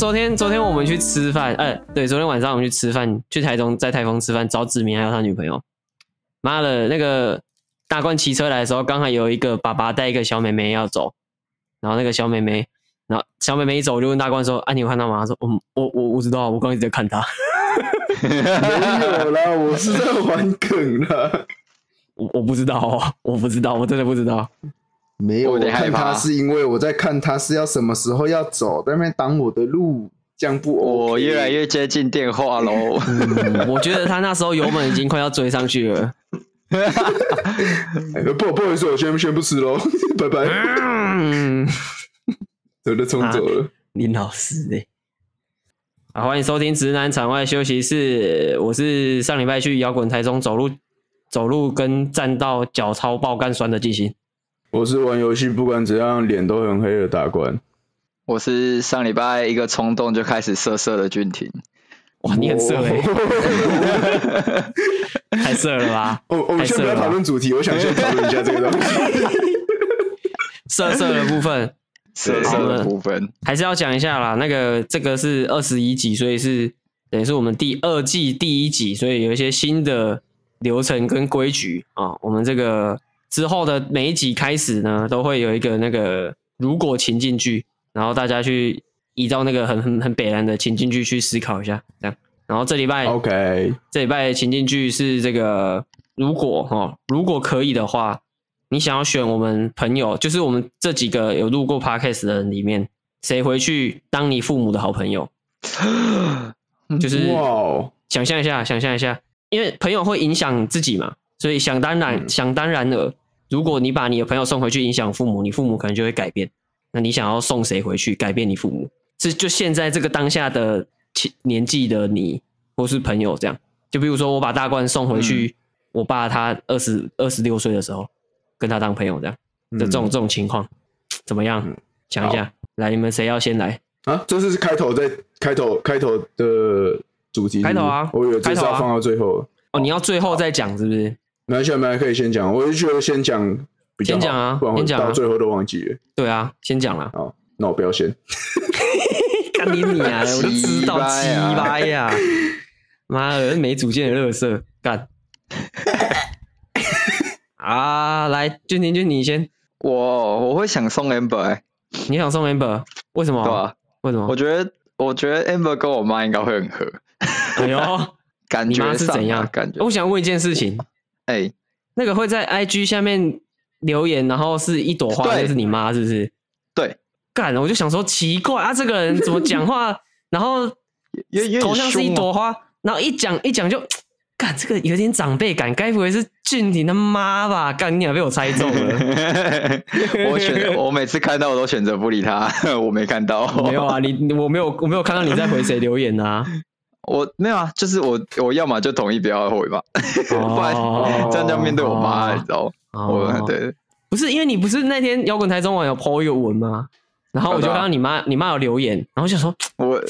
昨天，昨天我們去吃飯，哎、欸，對，昨天晚上我們去吃飯，去台中，在台風吃飯，找子明還有他女朋友。媽的，那個大罐騎車來的時候，剛好有一個爸爸帶一個小妹妹要走，然後那個小妹妹，然後小妹妹一走，我就問大罐說：“哎、啊，你有看到嗎？”他說：“我我我知道，我剛一直在看他。 ” 沒有啦，我是在玩梗啦。 我我不知道、哦，我不知道，我真的不知道。沒有我害怕，我看他是因為我在看他是要什麼時候要走，在那邊擋我的路這樣不。哦、OK，我越來越接近電話嘍、 嗯，我覺得他那時候油門已經快要追上去了。不、 哎，不好意思，我先不先不吃嘍，拜拜。走的衝走了，林、啊、老師咧、欸。好、啊，歡迎收聽直男場外休息室，我是上禮拜去搖滾台中走路，走路跟站到腳超爆幹酸的進行。我是玩遊戲不管怎樣臉都很黑的打官。我是上禮拜一個衝動就開始色色的俊廷。哇，你很色哎、欸哦！ 太色了吧！我我們先不要討論主題，我想先討論一下這個東西。色色的部分，色色的部分還是要講一下啦。那個這個是二十一集，所以是等於是我們第二季第一集，所以有一些新的流程跟規矩啊。我們這個。之後的每一集開始呢，都會有一個那個如果情境劇，然後大家去移到那個很很很北爛的情境劇去思考一下，這樣。然後這禮拜，OK，這禮拜的情境劇是這個如果哈、哦，如果可以的話，你想要選我們朋友，就是我們這幾個有錄過 Podcast 的人裡面，誰回去當你父母的好朋友？就是哇，想象一下，想象一下，因為朋友會影響自己嘛，所以想當然，嗯、想當然的。如果你把你的朋友送回去影響父母，你父母可能就會改變。那你想要送誰回去改變你父母？是就現在這個當下的年紀的你，或是朋友這樣？就比如說我把大冠送回去，嗯、我爸他二十二十六歲的時候跟他當朋友這樣，的這種、嗯、這種情況怎麼樣、嗯？想一下，來，你們誰要先來啊？這是開頭，在開頭，開頭的主題是不是、啊，開頭啊！我有介紹，這是要放到最後了。哦，你要最後再講是不是？沒事，沒事，可以先講。我就覺得先講，先講啊，不然會到最後都忘記了。啊對啊，先講啦，好，那我不要先。看 你你啊！我就知道雞掰呀！媽、啊啊、的，沒主見的垃圾幹。 啊！來，俊廷，俊你先。我我會想送 Amber，哎、欸，你想送 Amber？為什麼？對、啊、為什麼？我覺得，我覺得 Amber 跟我媽應該會很合。 哎呦，感、啊、你媽是怎樣？感覺、啊？我想問一件事情。哎，那個會在 IG 下面留言，然後是一朵花，就是你媽，是不是？對，幹，我就想說奇怪啊，這個人怎麼講話？ 然後頭像是一朵花，然後一講一講就，幹，這個有點長輩感，該不會是俊婷的媽吧？干，你還被我猜中了。 我選，我每次看到我都選擇不理他，我沒看到。 沒有啊，你我沒有我沒有看到你在回誰留言啊？我沒有啊，就是我，我要嘛就同意不要回吧，oh, 不然，oh, 這樣要面對我媽，oh, 你知道嗎？Oh, 我對，不是因為你不是那天搖滾台中網有 PO 有文嗎？然後我就看到你媽，啊，你媽有留言，然後我就說我，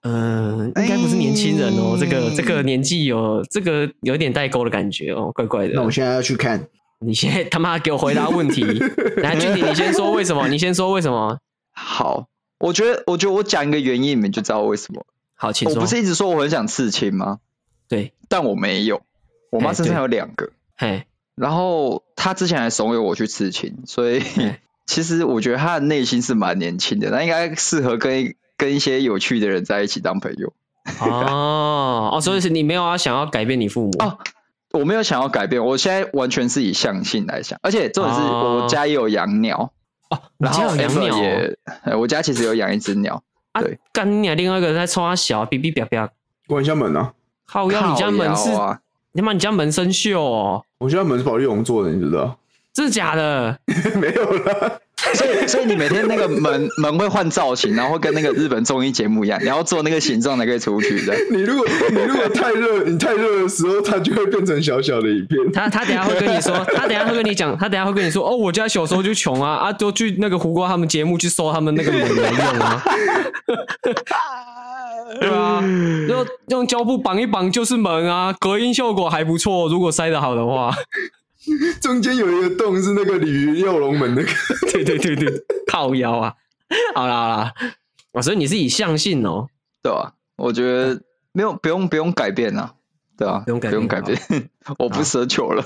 呃，應該不是年輕人哦，欸、這個這個年紀有這個有點代溝的感覺哦，怪怪的。那我現在要去看，你現在他媽給我回答問題，來具體你先說為什麼，你先說為什麼。 好，我覺得我覺得我講一個原因，你們就知道為什麼。好輕鬆！我不是一直說我很想刺青嗎？對，但我沒有。我媽身上有兩個，嘿，然後她之前還慫恿我去刺青，所以其實我覺得她的內心是蠻年輕的，她應該適合跟跟一些有趣的人在一起當朋友。哦 哦，所以是你沒有要想要改變你父母？哦，我沒有想要改變，我現在完全是以相信來想，而且重點是我家也有養鳥哦。然後你家有養鳥也？我家其實有養一隻鳥。 啊！幹你娘，另外一個人在沖阿小，嗶嗶嗶嗶，關一下門啊。靠，要你家門是，啊、你媽、啊、你家門生鏽，我家門是保麗龍做的，你知不知道？這是假的， 沒有了。 所以，所以你每天那個門門會換造型，然後跟那個日本綜藝節目一樣，你要做那個形狀才可以出去的 你。你如果你如果太熱，你太熱的時候，它就會變成小小的一片。他他等下會跟你說，他等下會跟你講，他等下會跟你說，哦，我家小時候就窮啊，啊，都去那個胡瓜他們節目去搜他們那個門用啊， 對啊，就用用膠布綁一綁就是門啊，隔音效果還不錯，如果塞得好的話。 中間有一個洞，是那個鯉魚躍龍門的， 對對對對，靠腰啊，好啦好啦，我、哦、所以你是以相信哦，對吧、啊？我覺得沒有不用不用改變吶，對啊，不用改變好不好，不用改變 我不奢求了。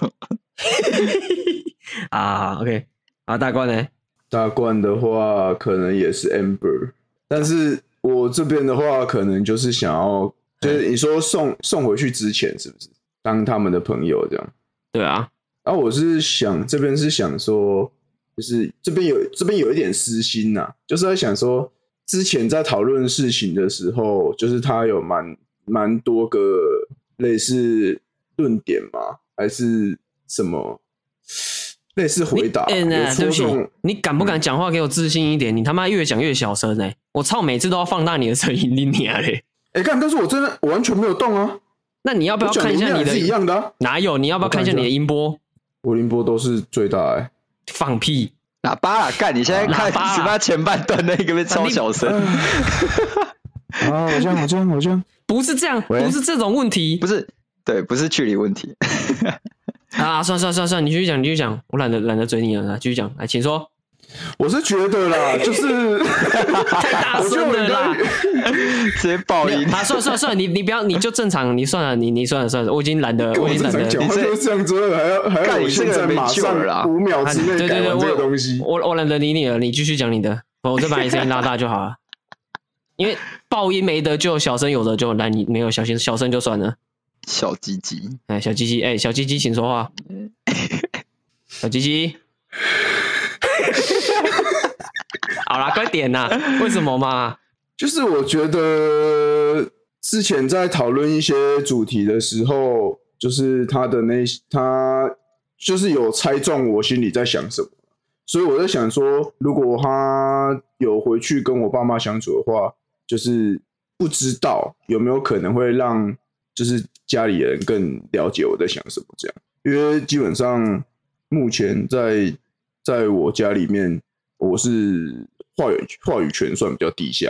啊，OK，啊， 啊好 okay 好大冠呢？大冠的話可能也是 Amber，但是我這邊的話可能就是想要，就是你說送送回去之前是不是當他們的朋友這樣？對啊。啊，我是想，這邊是想說，就是這邊有這邊有一點私心吶、啊，就是在想說，之前在討論事情的時候，就是他有蠻蠻多個類似論點嘛？還是什麼類似回答、啊欸欸？對不起，你敢不敢講話？給我自信一點！嗯、你他媽越講越小聲哎、欸！我操，每次都要放大你的聲音，拎你啊嘞！哎、欸，幹！但是我真的我完全沒有動啊。那你要不要看一下你的一樣的、啊？哪有？你要不要看一下你的音波？吳林波都是最大哎、欸，放屁！喇叭幹！你現在看、啊，什麼前半段那個被超小聲。 啊！我這樣我這樣我這樣不是這樣，不是這種問題，不是，對，不是距離問題。 啊！算算算算，你繼續講，你繼續講，我懶得懶得嘴你了，繼續講，來，請說。我是覺得啦，欸、就是太大聲了啦 暴，直接爆音啊！算了算了算了，你你不要，你就正常，你算了，你你算了算了，我已經懶得，我，我已經懶得了，你這樣子還要還要我現在馬上啦，五秒之內改完我有東西，對對對我我懶得理你，你了，你繼續講你的，我再把你聲音拉大就好了。 因為爆音沒得救，小聲有的就來你沒有小聲，小聲就算了。小雞雞，哎、欸，小雞雞，哎、欸，小雞雞，請說話。小雞雞。 好啦，快點啦。 為什麼嘛？就是我覺得之前在討論一些主題的時候，就是他的那他就是有猜中我心裡在想什麼，所以我在想說，如果他有回去跟我爸媽相處的話，就是不知道有沒有可能會讓就是家裡人更了解我在想什麼這樣，因為基本上目前在、嗯。在我家裡面，我是話語話語權算比較低下。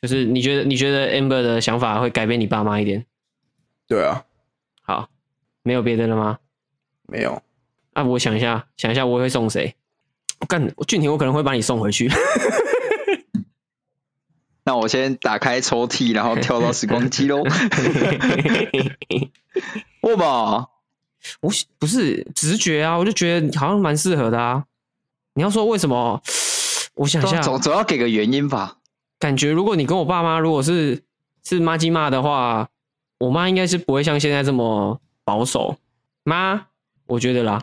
就是你覺得你覺得 Amber 的想法會改變你爸媽一點？對啊。好，沒有別的了嗎？沒有。那、啊、我想一下，想一下，我會送誰？幹，俊廷，我可能會把你送回去。 那我先打開抽屜，然後跳到時光機嘍。 我吧，我不是直覺啊，我就覺得好像蠻適合的啊。你要說為什麼？我想一下，總總要，要給個原因吧。感覺如果你跟我爸媽，如果是是媽雞罵的話，我媽應該是不會像現在這麼保守。媽，我覺得啦。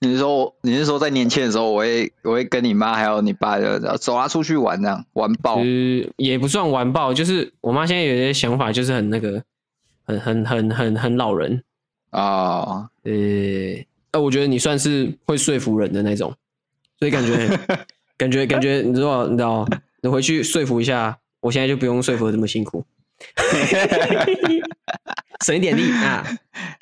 你是說，你是說在年輕的時候，我會我會跟你媽還有你爸，的走啊出去玩，啊。玩爆？呃、就是，也不算玩爆，就是我媽現在有些想法，就是很那個，很很很很很老人啊。呃、oh，那我覺得你算是會說服人的那種。所以感覺，感覺感覺，你知道，你知道，你回去說服一下，我現在就不用說服這麼辛苦， 省一點力啊。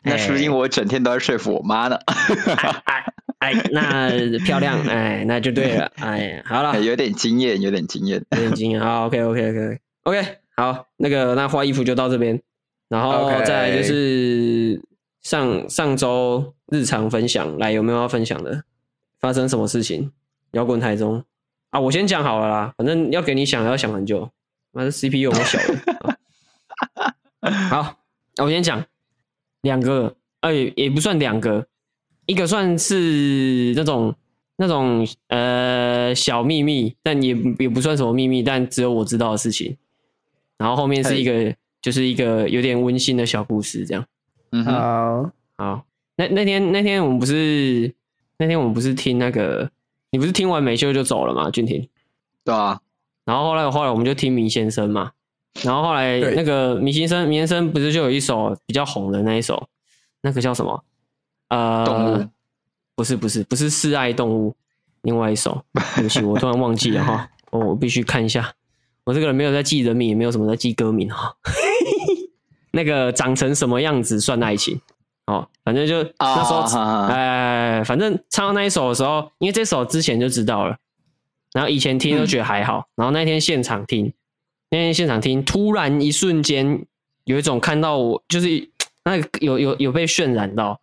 那是不是因為我整天都在說服我媽呢 哎？哎，哎，那漂亮，哎，那就對了，哎，好了，哎，有點經驗，有點經驗，有點經驗。好，OK，OK，OK，OK，okay, okay, okay. okay, 好，那個，那花衣服就到這邊，然後，okay. 再來就是上上周日常分享，來，有沒有要分享的？發生什麼事情？搖滾台中啊，我先講好了啦，反正要給你想，要想很久。反正 CPU 我小了。 好，啊，我先講兩個，啊，也，也不算兩個，一個算是那種那種呃小秘密，但也也不算什麼秘密，但只有我知道的事情。然後後面是一個，就是一個有點溫馨的小故事，這樣。嗯，好好。那那天那天我們不是。那天我們不是聽那個，你不是聽完美秀就走了嗎？俊廷，對啊。然後後來後來我們就聽米先生嘛。然後後來那個米先生，米先生不是就有一首比較紅的那一首，那個叫什麼？呃，不是不是不是《示愛動物》。另外一首，對不起，我突然忘記了哈、 哦。我必須看一下。我這個人沒有在記人名，也沒有什麼在記歌名哈、哦。 那個長成什麼樣子算愛情？哦，反正就那時候，哎、oh, 欸，反正唱到那一首的時候，因為這首之前就知道了，然後以前聽都覺得還好、嗯，然後那天現場聽，那天現場聽，突然一瞬間有一種看到我，就是那個、有有有被渲染到，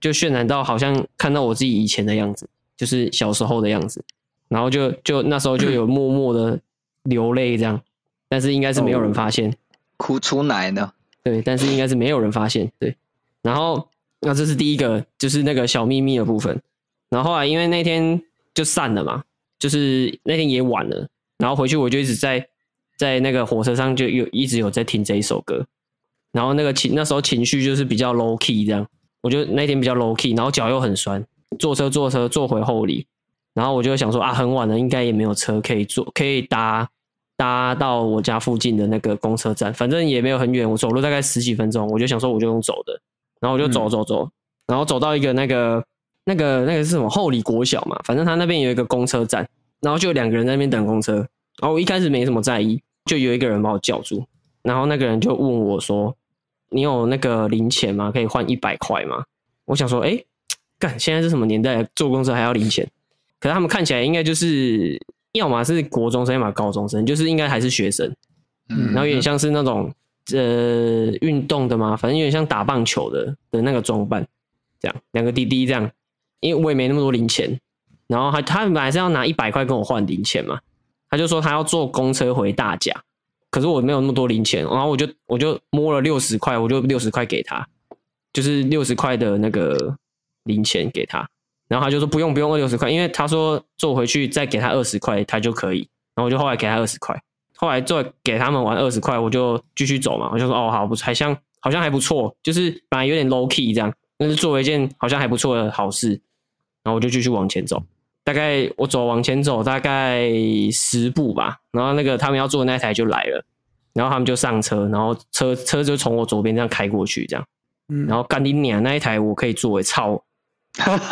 就渲染到好像看到我自己以前的樣子，就是小時候的樣子，然後就就那時候就有默默的流淚這樣、嗯，但是應該是沒有人發現，oh, 哭出來的，對，但是應該是沒有人發現，對。然後，那這是第一個，就是那個小祕密的部分。然後啊，因為那天就散了嘛，就是那天也晚了。然後回去我就一直在在那個火車上就有一直有在聽這一首歌。然後那個情那時候情緒就是比較 low key 這樣，我就那天比較 low key，然後腳又很酸，坐車坐車坐回后里。然後我就想說啊，很晚了，應該也沒有車可以坐，可以搭搭到我家附近的那個公車站，反正也沒有很遠，我走路大概十幾分鐘。我就想說，我就用走的。然後我就走走走、嗯，然後走到一個那個那個那個是什麼后裡國小嘛，反正他那邊有一個公車站，然後就兩個人在那邊等公車。然後我一開始沒什麼在意，就有一個人把我叫住，然後那個人就問我說：“你有那個零錢嗎？可以換一百塊嗎？”我想說：“哎，幹，現在是什麼年代坐公車還要零錢？”可是他們看起來應該就是要麼是國中生，要麼高中生，就是應該還是學生，嗯，然後有點像是那種。呃，運動的嘛，反正有點像打棒球的的那個裝扮，這樣兩個滴滴這樣，因為我也沒那麼多零錢，然後還他們本來是要拿一百塊跟我換零錢嘛，他就說他要坐公車回大甲，可是我沒有那麼多零錢，然後我就我就摸了六十塊，我就六十塊給他，就是六十塊的那個零錢給他，然後他就說不用不用二六十塊，因為他說坐回去再給他二十塊他就可以，然後我就後來給他二十塊。後來做給他們玩二十塊，我就繼續走嘛。我就說哦好，不，好像好像還不錯，就是本來有點 low key 這樣，但是作為一件好像還不錯的好事。然後我就繼續往前走，大概我走往前走大概十步吧。然後那個他們要坐那台就來了，然後他們就上車，然後車車就從我左邊這樣開過去這樣。然後幹你娘，那一台我可以作為、欸、超。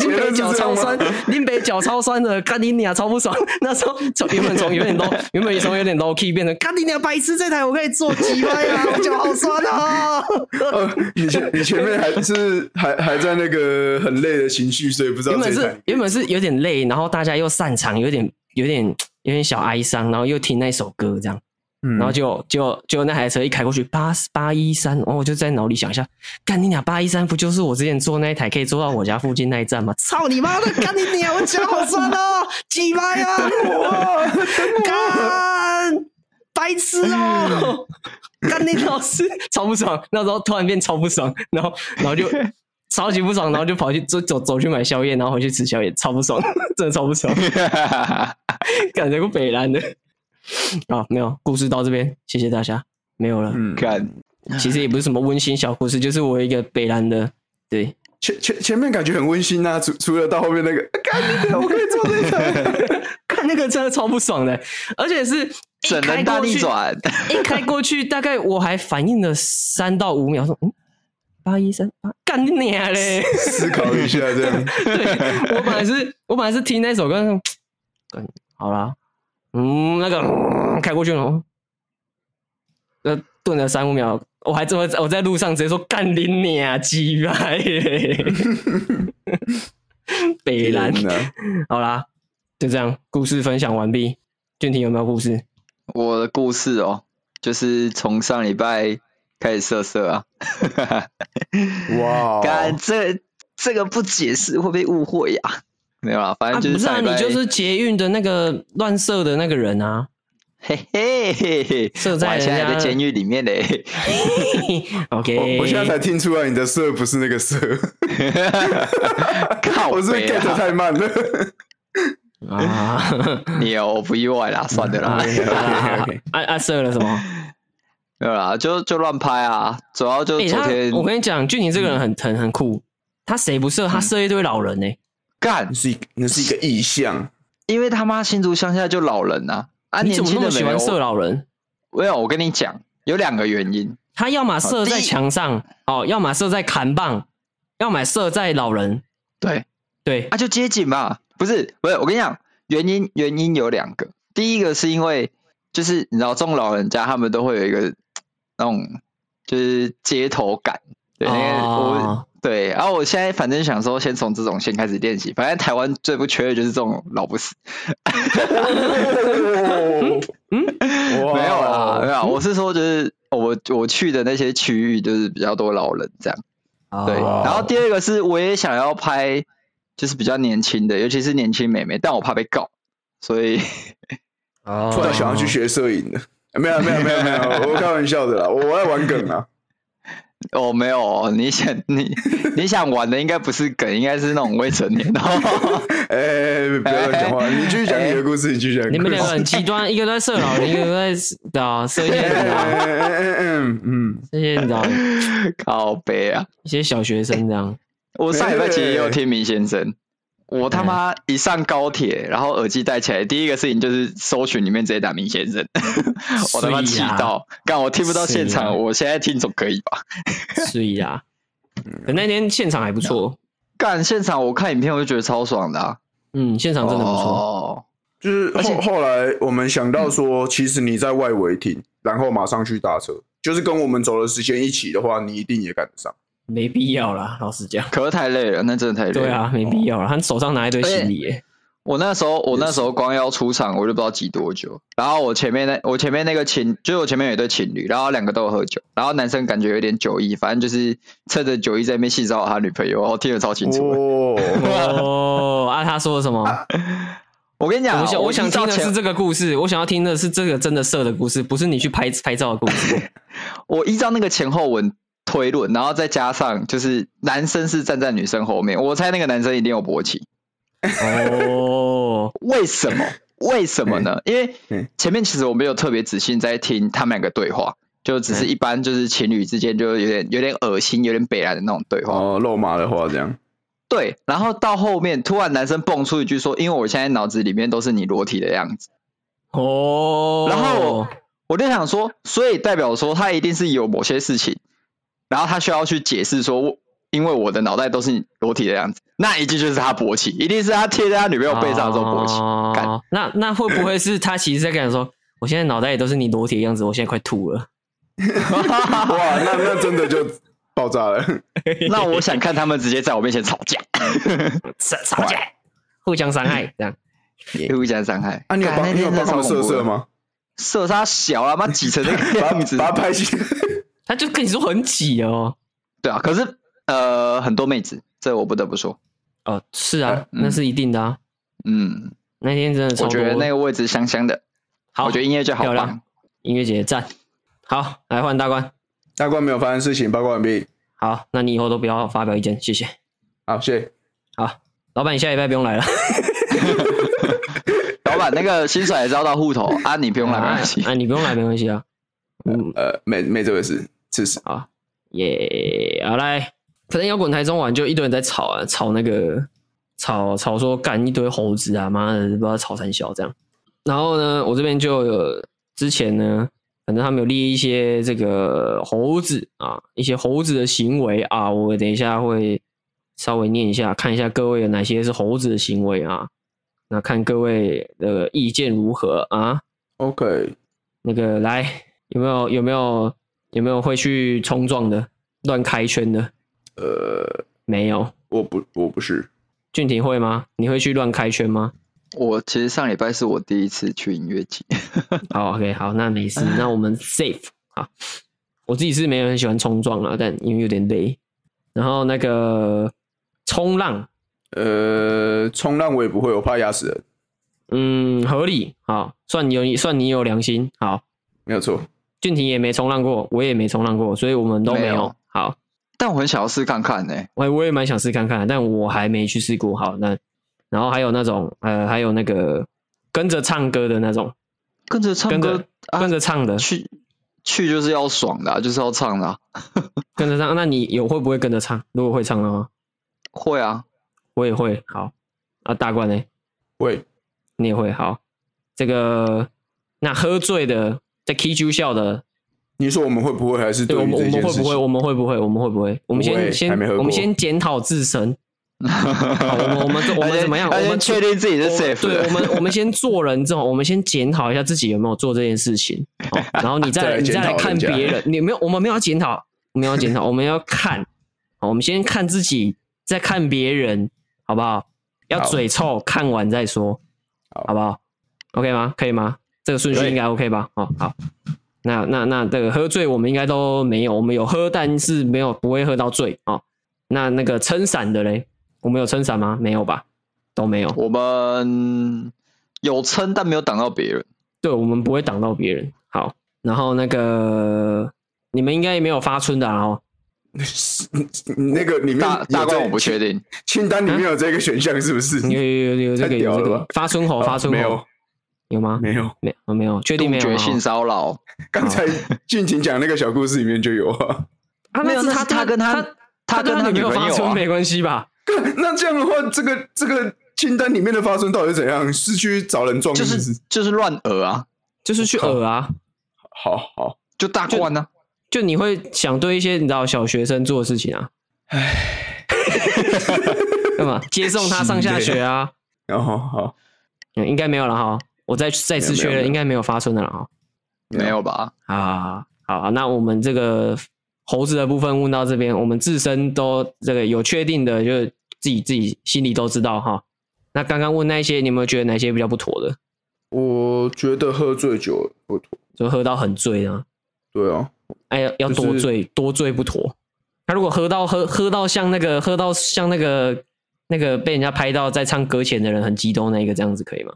林北腳超酸，林北腳超酸的 卡丁尼亞超不爽。那時候，從原本從有點 low， 原本從有點 low key，變成 卡丁尼亞白痴。這台我可以坐幾塊呀？啊？ 我腳好酸、哦、 啊！你前以前面還是還還在那個很累的情緒，所以不知道。原本是原本是有點累，然後大家又散場，有點有點有點小哀傷，然後又聽那首歌這樣。嗯、然後就就就那台車一開過去，八八一三，然後我就在腦裡想一下，幹你娘八一三，不就是我之前坐那一台可以坐到我家附近那一站嗎？操 你媽的，幹你娘，我腳好酸哦，雞 掰啊我幹、哦， 白痴哦，幹 你老娘師， 超不爽。那時候突然變超不爽，然後然後就超級不爽，然後就跑去走走走去買宵夜，然後回去吃宵夜，超不爽，真的超不爽，感 覺、yeah. 個北爛的。好、啊，沒有故事到這邊，謝謝大家，沒有了。嗯，看，其實也不是什麼溫馨小故事，就是我一個北蘭的，對，前前前面感覺很溫馨吶、啊，除除了到後面那個，幹個我可以做這個 看那個真的超不爽的，而且是，整人大逆轉，一開過去大概我還反應了三到五秒，說，嗯，八一三八，幹你娘嘞！思考一下這樣， 對，我本來是，我本來是聽那首歌，嗯，好啦。嗯，那個開過去了，呃，頓了三五秒，我還這麼我在路上直接說幹你娘雞巴， 北藍， 好啦，就這樣，故事分享完畢。俊廷有沒有故事？我的故事哦，就是從上禮拜開始色色啊，哇 、wow，幹這這個不解釋會被誤會呀、啊。沒有啦，反正就是、啊。不是啊，你就是捷運的那個亂射的那個人啊！嘿嘿嘿嘿，射在人家監獄裡面嘞。 OK，我，我現在才聽出來你的射不是那個射。 靠、啊！我是，不是 get 得太慢了。 啊， 你、哦、我不意外啦，算的啦。哎 哎 Okay, okay, okay. 啊，射了什麼？沒有啦，就就亂拍啊！主要就昨天，欸、我跟你講，俊廷這個人很疼、嗯、很，很酷，他誰不射、嗯？他射一堆老人呢、欸。幹，是那是一個意象，因為他媽新竹鄉下就老人吶啊，啊年輕人，你怎麼那麼喜歡射老人？沒有，我跟你講有兩個原因，他要麼射在牆上哦，要麼射在砍棒，要麼射在老人。對對，那、啊、就街景吧？不是不是，我跟你講原因原因有兩個，第一個是因為就是你知道，這種老人家他們都會有一個那種就是街頭感，對，那個哦對，然後我現在反正想說，先從這種先開始練習。反正台灣最不缺的就是這種老不死。 oh. Oh. Wow. 沒有啦，沒有。我是說，就是我我去的那些區域，就是比較多老人這樣。Oh. 對。然後第二個是，我也想要拍，就是比較年輕的，尤其是年輕美眉，但我怕被告，所以。哦、oh. 突然想要去學攝影了 沒有沒有沒有沒有，我開玩笑的啦，我在玩梗啊。哦、oh,，沒有，你想你你想玩的應該不是梗， 應該是那種未成年。哎、 欸，不要講話、欸，你繼續講你的故事，你繼續講。你們兩個很極端， 一個在社老，一個在對啊，社 些。嗯嗯嗯嗯，你知道？靠北啊，一些小學生這樣。我上禮拜其實有聽明先生。我他媽一上高鐵，然後耳機戴起來，第一個事情就是搜尋裡面這些大明先生， 我他媽氣到，幹、啊、我聽不到現場、啊，我現在聽總可以吧？是呀。啊，可那天現場還不錯、幹、啊、現場我看影片我就覺得超爽的、啊，嗯，現場真的不錯、哦，就是後後來我們想到說，其實你在外圍停、嗯，然後馬上去搭車，就是跟我們走的時間一起的話，你一定也趕得上。沒必要啦，老實講，可是太累了，那真的太累。對啊，沒必要了。他手上拿一堆行李，我那時候我那時候光要出場，我就不知道擠多久。然後我前面那我前面那個情，就是我前面有一對情侶，然後兩個都有喝酒，然後男生感覺有點酒意，反正就是趁着酒意在那邊性騷擾他女朋友，然後聽得超清楚。哦 哦，啊，他說了什麼？啊，我跟你講，我想我想聽的是這個故事，我想要聽的是這個真的色的故事，不是你去拍拍照的故事。我依照那個前後文，推論，然後再加上就是男生是站在女生後面，我猜那個男生一定有勃起。哦、 oh.。為什麼？為什麼呢？ 因為前面其實我沒有特別仔細在聽他們兩個對話，就只是一般就是情侶之間就有點有點噁心，有點北爛的那種對話哦，oh, 肉麻的話這樣。對，然後到後面突然男生蹦出一句說：“因為我現在腦子裡面都是你裸體的樣子。”哦，然後我就想說，所以代表說他一定是有某些事情。然後他需要去解釋說，因為我的腦袋都是裸體的樣子，那一定就是他勃起，一定是他貼在他女朋友背上的時候勃起。哦、oh，那那會不會是他其實，在跟你說， 我現在腦袋也都是你裸體的樣子，我現在快吐了。 哇，那那真的就爆炸了。 那我想看他們直接在我面前吵架， 吵，吵架，互相傷害，這樣， 互相傷害、啊。你有幫射射嗎？射殺小啊媽擠成那個樣子 把，他把他拍去。 他就跟你說很擠哦、喔，對啊，可是呃很多妹子，這我不得不說，哦、呃、是啊、嗯，那是一定的啊，嗯，那天真的超，我覺得那個位置香香的，好，我覺得音樂節好棒。音樂節讚，好，來換大關，大關沒有發生事情，報告完畢，好，那你以後都不要發表意見，謝謝，好謝謝，好，老板你下禮拜不用來了， 老板那個薪水也照到戶頭 啊，你不用來沒關係，哎、啊啊、你不用來沒關係啊，嗯呃，呃沒沒這個事。就是啊，耶，好嘞，yeah, right. 可能搖滾台中晚就一堆人在吵啊，吵那個，吵吵說幹一堆猴子啊，媽的不知道吵三小這樣。然後呢，我這邊就有之前呢，反正他們有列一些這個猴子啊，一些猴子的行為啊，我等一下會稍微念一下，看一下各位有哪些是猴子的行為啊，那看各位的意見如何啊？OK，那個來有沒有有沒有？有沒有有沒有會去衝撞的、亂開圈的？呃，沒有，我不我不是。俊廷會嗎？你會去亂開圈嗎？我其實上禮拜是我第一次去音樂節。 好，OK，好，那沒事，那我們 safe。好，我自己是沒有很喜歡衝撞啦，但因為有點累。然後那個衝浪，呃，衝浪我也不會，我怕壓死人。嗯，合理，好，算有，算你有良心，好，沒有錯。俊婷也沒衝浪過，我也沒衝浪過，所以我們都沒有。沒有，好，但我很想要試看看呢、欸。我也我也蠻想試看看、啊，但我還沒去試過。好，那然後還有那種呃，還有那個跟着唱歌的那種，跟着唱歌，跟着唱的、啊、去去就是要爽的、啊，就是要唱的、啊。 跟着唱，那你有會不會跟着唱？如果會唱的話，會啊，我也會。好啊，大冠呢？會，你也會。好，這個那喝醉的。在 KQ 笑的，你說我們會不會？還是對我們我們會不會？我們會不會？我們會不會？我們先先我們先檢討自身。 我們我們我們怎麼樣？我們確定自己的 safe。對，我們我們先做人之後，我們先檢討一下自己有沒有做這件事情。然後你再來 再，來你再來看別人。你沒有，我們沒有檢討，沒有檢討，我們要， 我們要看。我們先看自己，再看別人，好不好？要嘴臭，看完再說，好不好，好？OK 嗎？可以嗎？這個順序應該 OK 吧？哦，好，那那那這個喝醉我們應該都沒有，我們有喝，但是沒有不會喝到醉哦。那那個撐傘的嘞，我們有撐傘嗎？沒有吧，都沒有。我們有撐，但沒有擋到別人。對，我們不會擋到別人。好，然後那個你們應該也沒有發春的啊。 那個裡面大概我不確定、啊，清單裡面有這個選項是不是？有有有，有這個有、這個這個這個、發春吼、發春吼、哦、沒有嗎？沒有，沒有，我、哦、沒有，確定沒有，絕。性騷擾，剛才俊廷講那個小故事裡面就有啊。 啊，那是他他，他，他跟他、啊、他，他跟他女朋友沒關係吧？那這樣的話，這個這個清單裡面的發生到底是怎樣？是去找人撞的？就是就是亂訛啊，就是去訛啊。好好，就，就大過呢、啊？就你會想對一些你知道小學生做的事情啊？哎，幹 嘛接送他上下學啊？然後、啊、好，好，應該沒有了哈。我再再次確認，沒有沒有沒有應該沒有發生的了哈、哦，沒有吧？啊，好，好，那我們這個猴子的部分問到這邊，我們自身都這個有確定的，就自己自己心裡都知道哈。那剛剛問那些，你們有，有覺得哪些比較不妥的？我覺得喝醉酒不妥，就喝到很醉啊。對啊，就是、哎呀，要多醉，多醉不妥。那、啊、如果喝到喝喝到像那個喝到像那個那個被人家拍到在唱擱淺的人很激動那個這樣子可以嗎？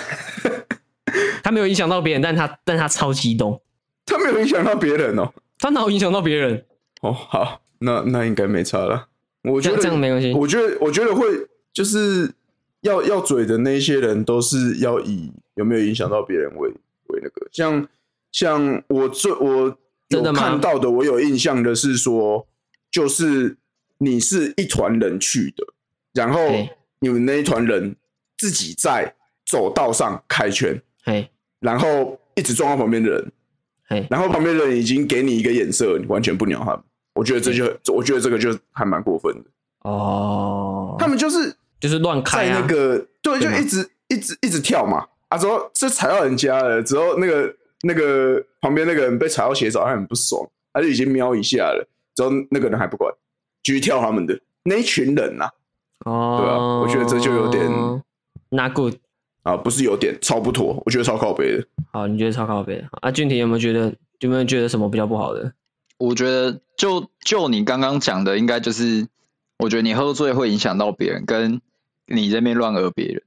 他沒有影響到別人，但他但他超激動。他沒有影響到別人哦、喔，他哪有影響到別人？哦、oh,，好，那那應該沒差了。我覺得這樣這樣沒關係。我覺得我覺得會，就是要要嘴的那些人都是要以有沒有影響到別人為為那個。像像我最我真的看到的，的，我有印象的是說，就是你是一團人去的，然後你們那一團人自己在。Okay. 走道上開拳，嘿、hey.，然後一直撞到旁邊的人，嘿、hey.，然後旁邊的人已經給你一個眼色，你完全不鳥他們。我覺得這就，hey. 我覺得這個就還蠻過分的。哦、oh,，他們就是、那個、就是亂開啊，那個對，就一直一直一直，一直跳嘛。啊，之後就踩到人家了，之後那個那個旁邊那個人被踩到鞋子，他很不爽，他就已經瞄一下了。之後那個人還不管，繼續跳他們的那一群人啊。哦、oh,，對啊，我覺得這就有點 not good。啊，不是有點超不妥，我覺得超靠北的。好，你覺得超靠北的？阿、啊、俊霆有沒有覺得有沒有覺得什麼比較不好的？我覺得就就你剛剛講的，應該就是我覺得你喝醉會影響到別人，跟你在那邊亂訛別人。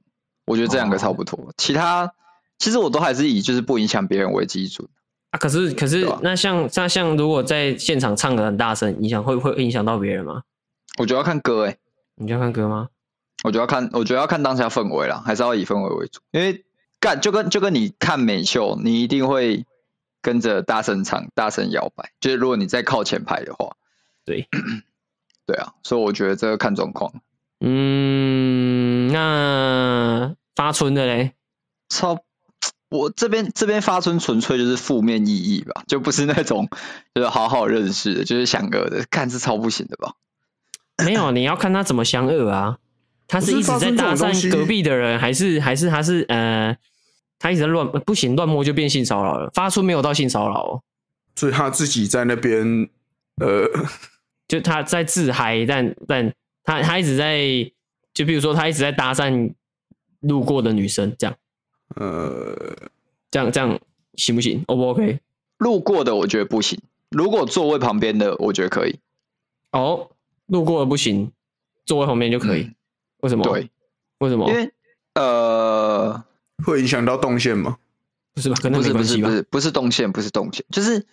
我覺得這兩個超不妥。哦哦，其他其實我都還是以就是不影響別人為基礎啊，可，可是可是、啊、那像像像如果在現場唱的很大聲，影響會會影響到別人嗎？我覺得要看歌誒、欸。你覺得要看歌嗎？我覺得看，我覺得要看當下氛圍啦，還是要以氛圍為主。因為幹就跟就跟你看美秀，你一定會跟着大聲唱，大聲搖擺。就是如果你在靠前排的話，對， 對啊。所以我覺得這個看狀況。嗯，那發春的嘞，超我這邊這邊發春純粹就是負面意義吧，就不是那種就是好好認識的，就是想惡的，幹是超不行的吧？沒有，你要看他怎麼想惡啊。 他是一直在搭訕隔壁的人，是還是還是他是呃，他一直在亂不行，亂摸就變性騷擾了。發出沒有到性騷擾，所以他自己在那邊呃，就他在自嗨，但但他他一直在就比如說他一直在搭訕路過的女生，這樣呃，這樣這樣行不行？O 不 OK？路過的我覺得不行，如果座位旁邊的我覺得可以。哦，路過的不行，座位旁邊就可以。嗯為什麼？對，為什麼？因為呃，會影響到動線嗎？不是吧，跟他們沒關係吧？不是，不是動線，不是動線，就是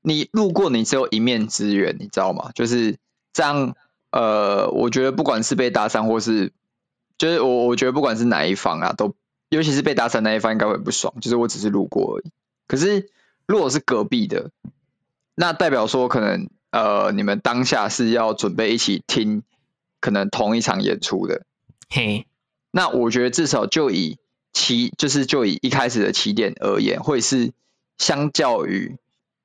你路過，你只有一面之緣，你知道嗎？就是這樣。呃，我覺得不管是被搭訕，或是就是我，我覺得不管是哪一方啊，都尤其是被搭訕那一方，應該會不爽。就是我只是路過而已。可是如果是隔壁的，那代表說可能呃，你們當下是要準備一起聽。可能同一場演出的，嘿、hey.，那我覺得至少就以起，就是就以一開始的起點而言，會是相較於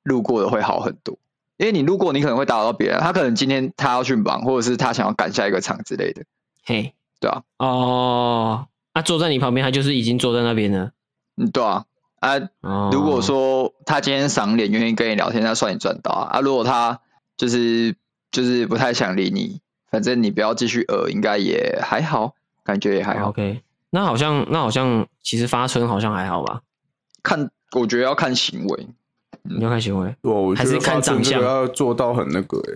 路過的會好很多。因為你路過，你可能會打擾到別人，他可能今天他要去忙，或者是他想要趕下一個場之類的，嘿、hey.，對啊，哦，那坐在你旁邊，他就是已經坐在那邊了，嗯，對啊，啊，如果說他今天賞臉願意跟你聊天，那算你賺到啊。啊，如果他就是就是不太想理你。反正你不要繼續訛，應該也還好，感覺也還好。Oh, OK，那好像那好像，其實發春好像還好吧？看，我覺得要看行為，嗯、你要看行為，對、啊，我覺得看長相？發春這個要做到很那個哎。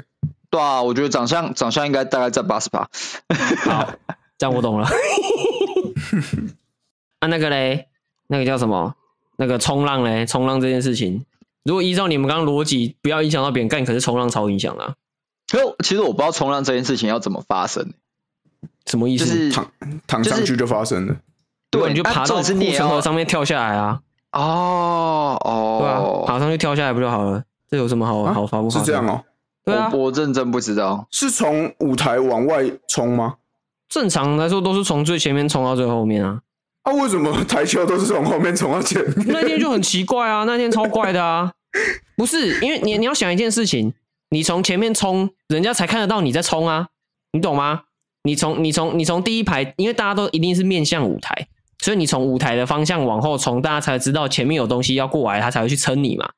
對啊，我覺得長相長相應該大概在八十趴。 好，這樣我懂了。 啊，那個嘞，那個叫什麼？那個衝浪嘞，衝浪這件事情，如果依照你們剛剛邏輯，不要影響到別人干，可是衝浪超影響啦、啊。可，其實我不知道衝浪這件事情要怎麼發生、欸，什麼意思？就是、躺躺上去、就是、就發生了？對，對你就爬到木繩頭上面跳下來啊？哦哦，對啊，爬上去跳下來不就好了？這有什麼好好發、啊、不好？是這樣哦？對啊，我認真不知道是從舞台往外衝嗎，嗎？正常來說都是從最前面衝到最後面啊。啊，為什麼台球都是從後面衝到前面？那天就很奇怪啊，那天超怪的啊。 不是，因為你你要想一件事情。你從前面衝，人家才看得到你在衝啊，你懂嗎？你從你從你從第一排，因為大家都一定是面向舞台，所以你從舞台的方向往後衝，大家才知道前面有東西要過來，他才會去撐你嘛。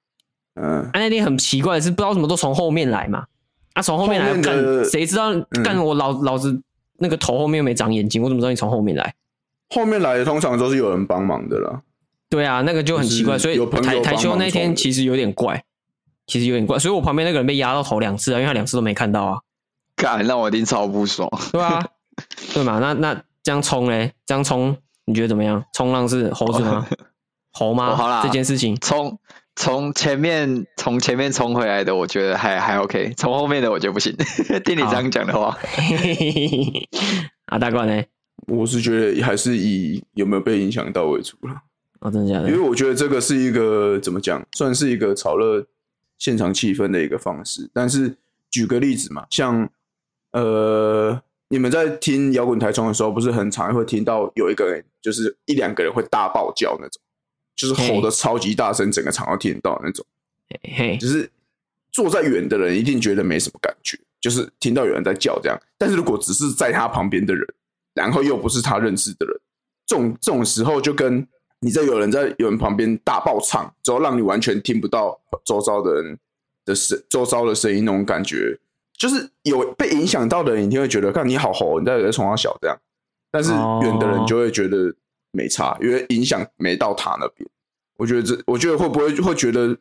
嗯，啊，那天很奇怪的是，不知道什麼都從後面來嘛。啊，從後面來幹，誰知道幹我老、嗯、老子那個頭後面又沒長眼睛，我怎麼知道你從後面來？後面來的通常都是有人幫忙的啦。對啊，那個就很奇怪，所以、就是、台台球那天其實有點怪。其實有點怪，所以我旁邊那個人被壓到頭兩次啊，因為他兩次都沒看到啊。幹，那我一定超不爽。對啊， 對嘛？那那這樣衝呢？這樣衝，你覺得怎麼樣？衝浪是猴子嗎、哦？猴嗎、哦？好啦，這件事情，衝從前面從前面衝回來的，我覺得還還 OK。從後面的我就不行。聽 你這樣講的話，阿、 啊、大冠呢？我是覺得還是以有沒有被影響到為主了。哦，真的假的？因為我覺得這個是一個怎麼講，算是一個炒熱現場氣氛的一個方式，但是舉個例子嘛，像呃，你們在聽搖滾台窗的時候，不是很常會聽到有一個人，就是一兩個人會大爆叫那種，就是吼得超級大聲，hey. 整個場都聽得到那種。嘿、hey.，就是坐在遠的人一定覺得沒什麼感覺，就是聽到有人在叫這樣。但是如果只是在他旁邊的人，然後又不是他認識的人，這種這種時候就跟。你在有人在有人旁邊大爆唱，之後讓你完全聽不到周遭的人的聲，周遭的聲音那種感覺，就是有被影響到的人，一定會覺得看你好吼，你到底在在衝三小這樣，但是遠的人就會覺得沒差，哦、因為影響沒到他那邊。我覺得這，我覺得會不會會覺得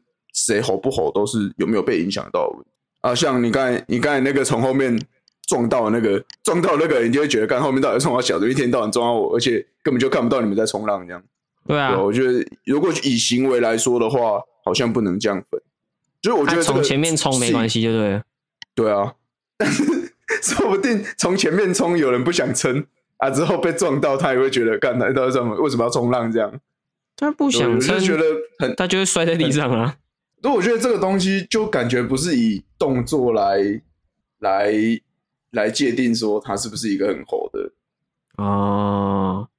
誰吼不吼都是有沒有被影響到的啊？像你剛才，你剛才那個從後面撞到那個撞到那個人，就會覺得看後面到底衝三小的，一天到晚撞到我，而且根本就看不到你們在衝浪這樣。對啊對，我覺得如果以行為來說的話，好像不能這樣分。就是我覺得、啊、從前面衝沒關係，就對了。對啊，但是說不定從前面衝，有人不想撐啊，之後被撞到，他也會覺得，幹他到底怎麼為什麼要衝浪這樣？他不想撐，他覺,覺得很，他就會摔在地上啊。所以我覺得這個東西就感覺不是以動作來來來界定說他是不是一個很猴的啊。哦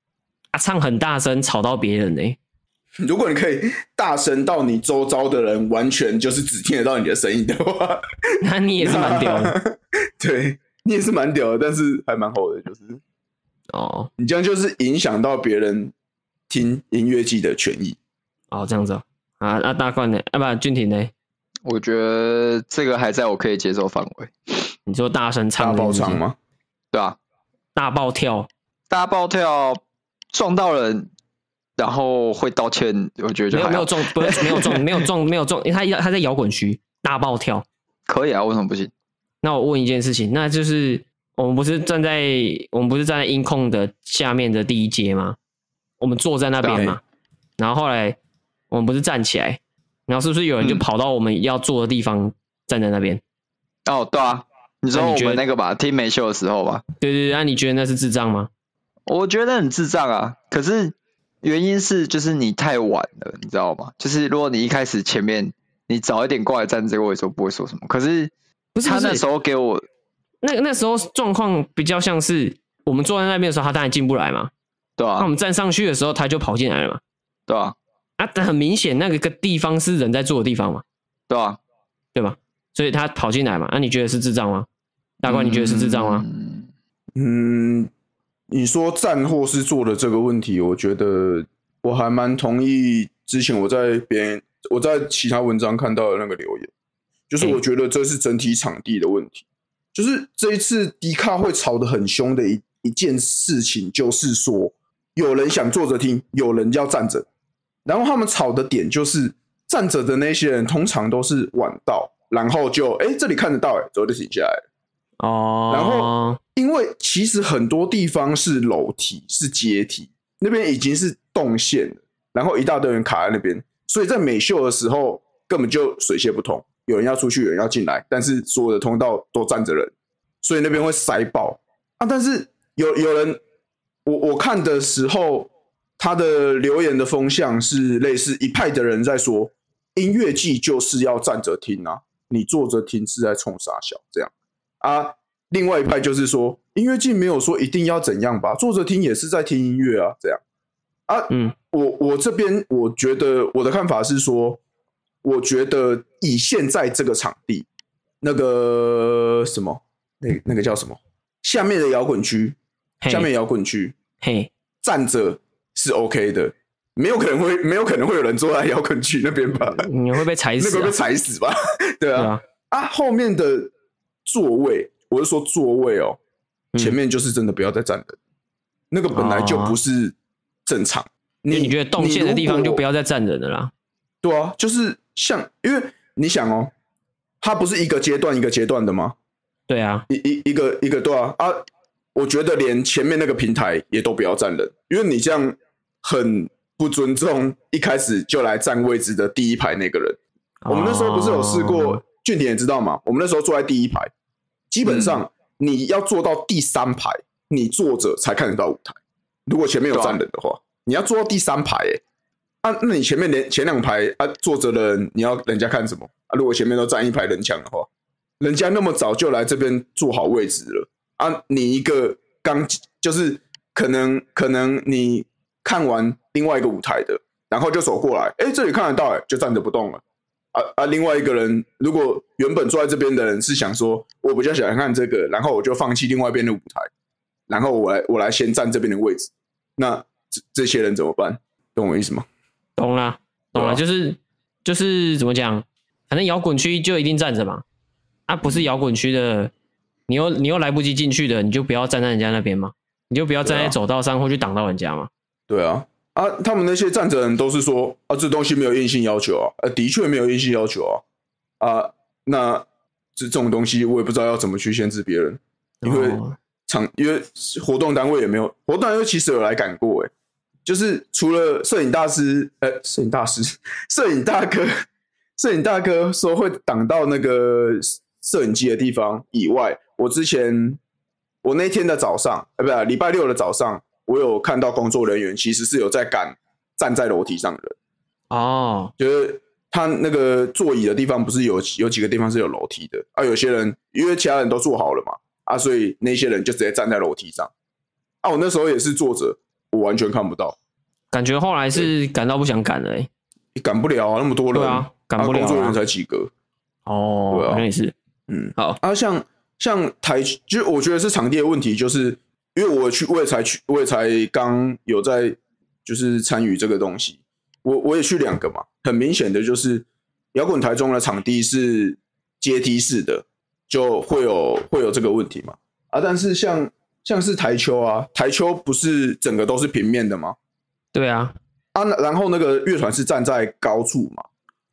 唱很大聲，吵到別人呢、欸。如果你可以大聲到你周遭的人完全就是只聽得到你的聲音的話，那你也是蠻屌的。對，你也是蠻屌的，但是還蠻好的，就是哦，你這樣就是影響到別人聽音樂祭的權益。哦，這樣子、哦、啊那、啊、大冠呢？啊不，俊廷呢？我覺得這個還在我可以接受範圍。你說大聲唱是不是，大爆唱嗎？對啊，大爆跳，大爆跳。撞到人，然後會道歉，我覺得就好。沒有撞，不沒有撞，沒有撞 沒有撞，因為、欸、他他在搖滾區大爆跳，可以啊。為什麼不行？那我問一件事情，那就是我們不是站在我們不是站在音控的下面的第一階嗎？我們坐在那邊嘛，然後後來我們不是站起來，然後是不是有人就跑到我們要坐的地方站在那邊？嗯、哦，對啊，你說我們那個吧，啊、聽美秀的時候吧，對對對，那、啊、你覺得那是智障嗎？我覺得很智障啊！可是原因是就是你太晚了，你知道吧？就是如果你一開始前面你早一點過來站這個位置，不會說什麼。可是他那時候給我不是不是那個、那時候狀況比較像是我們坐在那邊的時候，他當然進不來嘛，對吧、啊？那、啊、我們站上去的時候，他就跑進來了嘛，對吧、啊？啊，很明顯那個個地方是人在坐的地方嘛，對啊，對吧？所以他跑進來嘛，那、啊、你覺得是智障嗎？大官，你覺得是智障嗎？嗯。嗯。你說站或是坐的這個問題，我覺得我還蠻同意。之前我在別人我在其他文章看到的那個留言，就是我覺得這是整體場地的問題。嗯、就是這一次迪卡會吵得很凶的一一件事情，就是說有人想坐着聽，有人要站着，然後他們吵的點就是站着的那些人通常都是晚到，然後就哎、欸、這裡看得到哎、欸，走就停下來。哦、oh.，然後因為其實很多地方是樓梯、是階梯，那邊已經是動線，然後一大堆人卡在那邊，所以在美秀的時候根本就水泄不通，有人要出去，有人要進來，但是所有的通道都站着人，所以那邊會塞爆啊。但是有有人，我我看的時候，他的留言的風向是類似一派的人在說，音樂祭就是要站着聽啊，你坐着聽是在衝三小這樣。啊，另外一派就是說，音樂祭沒有說一定要怎樣吧，坐着聽也是在聽音樂啊，這樣。啊，嗯，我我這邊我覺得我的看法是說，我覺得以現在這個場地，那個什麼，那、欸、那個叫什麼，下面的搖滾區，hey, 下面搖滾區，嘿、hey.，站着是 OK 的，沒有可能會沒有可能會有人坐在搖滾區那邊吧？你會被踩死、啊，那邊、個、被踩死吧？ 對啊，yeah. 啊，後面的。座位，我是說座位哦、喔嗯，前面就是真的不要再站人、嗯，那個本來就不是正常。哦、你，你覺得動線的地方就不要再站人了啦。對啊，就是像，因為你想哦、喔，它不是一個階段一個階段的嗎？對啊，一一一,一個一個段啊。啊，我覺得連前面那個平台也都不要站人，因為你這樣很不尊重一開始就來占位置的第一排那個人。哦、我們那時候不是有試過，嗯、俊廷也知道嘛？我們那時候坐在第一排。基本上你要坐到第三排，你坐着才看得到舞台。如果前面有站人的話，你要坐到第三排誒、欸。啊，那你前面連前兩排啊坐着的人，你要人家看什麼啊？如果前面都站一排人牆的話，人家那麼早就來這邊坐好位置了啊。你一個剛就是可能可能你看完另外一個舞台的，然後就走過來、欸，哎這裡看得到、欸，就站着不動了。啊啊！另外一個人，如果原本坐在這邊的人是想說，我比較喜歡看這個，然後我就放棄另外一邊的舞台，然後我來我來先站這邊的位置，那這這些人怎麼辦？懂我意思嗎？懂啦懂了，啊、就是就是怎麼講？反正搖滾區就一定站着嘛。啊，不是搖滾區的，你又你又來不及進去的，你就不要站在人家那邊嘛，你就不要站在走道上、啊、或去擋到人家嘛。對啊。啊，他們那些站着的人都是說啊，這東西沒有硬性要求啊，呃、啊，的確沒有硬性要求啊，啊，那這種東西我也不知道要怎麼去限制別人。因為場，oh. 因為活動單位也沒有，活動單位其實有來趕過誒。就是除了攝影大師，呃，攝影大師，攝影大哥，攝影大哥說會擋到那個攝影機的地方以外，我之前我那天的早上，哎、呃，不是、啊，禮拜六的早上。我有看到工作人員其實是有在趕站在樓梯上的人，哦，就是他那個座椅的地方不是有有幾個地方是有樓梯的，啊，有些人因為其他人都坐好了嘛，啊，所以那些人就直接站在樓梯上，啊，我那時候也是坐着，我完全看不到，感覺後來是趕、欸、到不想趕了、欸，你趕不了、啊、那麼多人，對啊，趕不了、啊、啊、工作人員才幾個，哦，那也、啊、是，嗯，好，啊像，像像台，就我覺得是場地的問題，就是。因為我去，我也才去，我也才剛有在，就是參與這個東西。我我也去兩個嘛，很明顯的，就是搖滾台中的場地是階梯式的，就會有會有這個問題嘛。啊，但是像像是台球啊，台球不是整個都是平面的嗎？對啊，啊，然後那個樂團是站在高處嘛，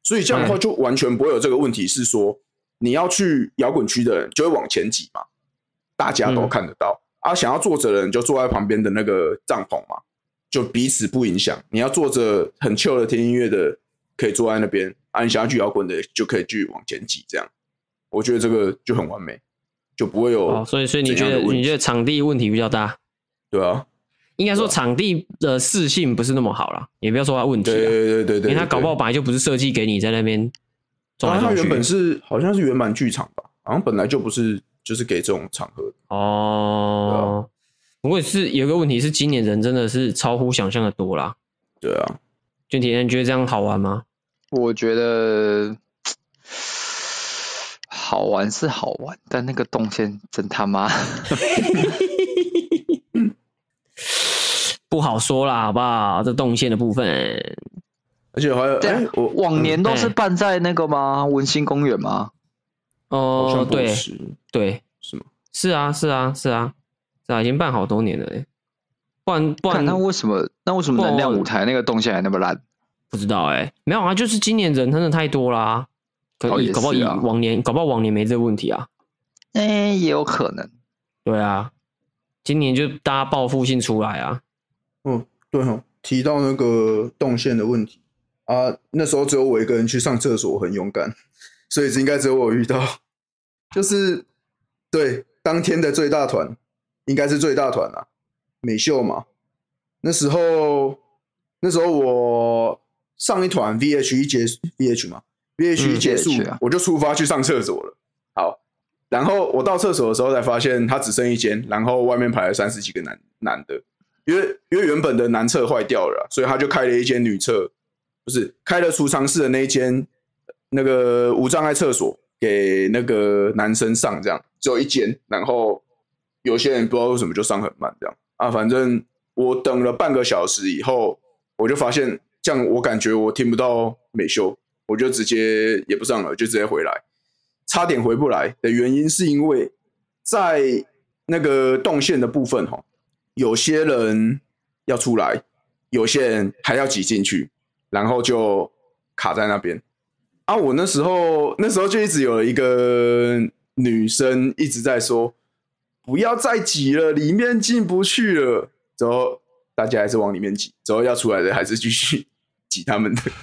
所以這樣的話就完全不會有這個問題，嗯、是說你要去搖滾區的人就會往前擠嘛，大家都看得到。嗯他、啊、想要坐着的人就坐在旁邊的那個帳篷嘛，就彼此不影響。你要坐着很 chill 的聽音樂的，可以坐在那邊，啊，你想要去搖滾的，就可以繼續往前擠。這樣，我覺得這個就很完美，就不會有、哦。所以，所以你覺得你覺得場地問題比較大？對啊，應該說場地的適性不是那麼好啦、啊啊，也不要說它問題。對對對，對，對，對，對，對，對，對因為它搞不好本來就不是設計給你在那邊、啊。好像原本是好像是圓滿劇場吧，好像本來就不是。就是給這種場合哦。不過也是有一個問題是，今年人真的是超乎想象的多啦。對啊，俊傑，你覺得這樣好玩嗎？我覺得好玩是好玩，但那個動線真他媽 不好說啦，好不好？這動線的部分，而且還有，但、欸嗯、往年都是辦在那個嗎？欸、文心公園嗎？哦、呃，對，對，是嗎？是啊，是啊，是啊，是啊，已經辦好多年了哎，不然不然，不然，那為什麼那為什麼能量舞台那個動線還那麼爛？不知道哎、欸，沒有啊，就是今年人真的太多啦、啊，可以、啊，搞不好以往年搞不好往年沒這個問題啊，嗯、欸，也有可能。對啊，今年就大家報復性出來啊。嗯，對哦，提到那個動線的問題啊，那時候只有我一個人去上廁所，很勇敢。所以應該只有我有遇到，就是對當天的最大團，應該是最大團啊，美秀嘛。那時候那時候我上一團 VH 一結束，VH 嘛，VH 一結束，我就出發去上廁所了。好，然後我到廁所的時候才發現他只剩一間，然後外面排了三十幾個男男的，因為因為原本的男廁壞掉了，所以他就開了一間女廁，不是開了儲藏室的那一間。那個無障礙廁所給那個男生上，這樣只有一間，然後有些人不知道為什麼就上很慢，這樣啊，反正我等了半個小時以後，我就發現這樣，我感覺我聽不到美秀，我就直接也不上了，就直接回來，差點回不來的原因是因為在那個動線的部分哈、喔，有些人要出來，有些人還要擠進去，然後就卡在那邊。啊！我那時候那時候就一直有了一個女生一直在說，不要再擠了，裡面進不去了。之後大家還是往裡面擠，之後要出來的還是繼續擠他們的。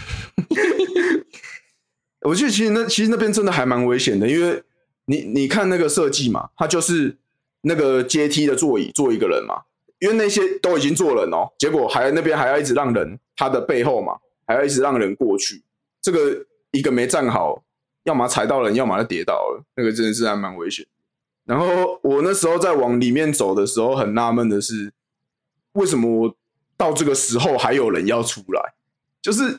我覺得其實那其實那邊真的還蠻危險的，因為你你看那個設計嘛，它就是那個階梯的座椅坐一個人嘛，因為那些都已經坐人哦、喔，結果還那邊還要一直讓人他的背後嘛，還要一直讓人過去這個。一個沒站好，要麼踩到人，要麼就跌倒了，那個真的是還蠻危險的。然後我那時候在往裡面走的時候，很納悶的是，為什麼我到這個時候還有人要出來？就是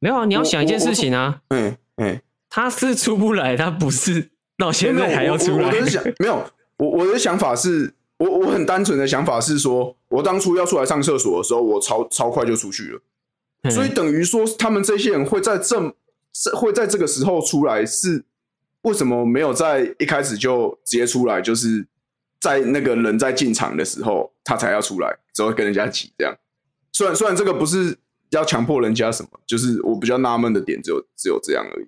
沒有啊，你要想一件事情啊，嗯嗯、欸欸，他是出不來，他不是，那現在還要出來？沒有，我我，有我，我的想法是，我我很單純的想法是說，我當初要出來上廁所的時候，我超超快就出去了，所以等於說他們這些人會在這。是會在這個時候出來，是為什麼沒有在一開始就直接出來？就是在那個人在進場的時候，他才要出來，只會跟人家擠這樣。雖然雖然這個不是要強迫人家什麼，就是我比較納悶的點，只有只有這樣而已。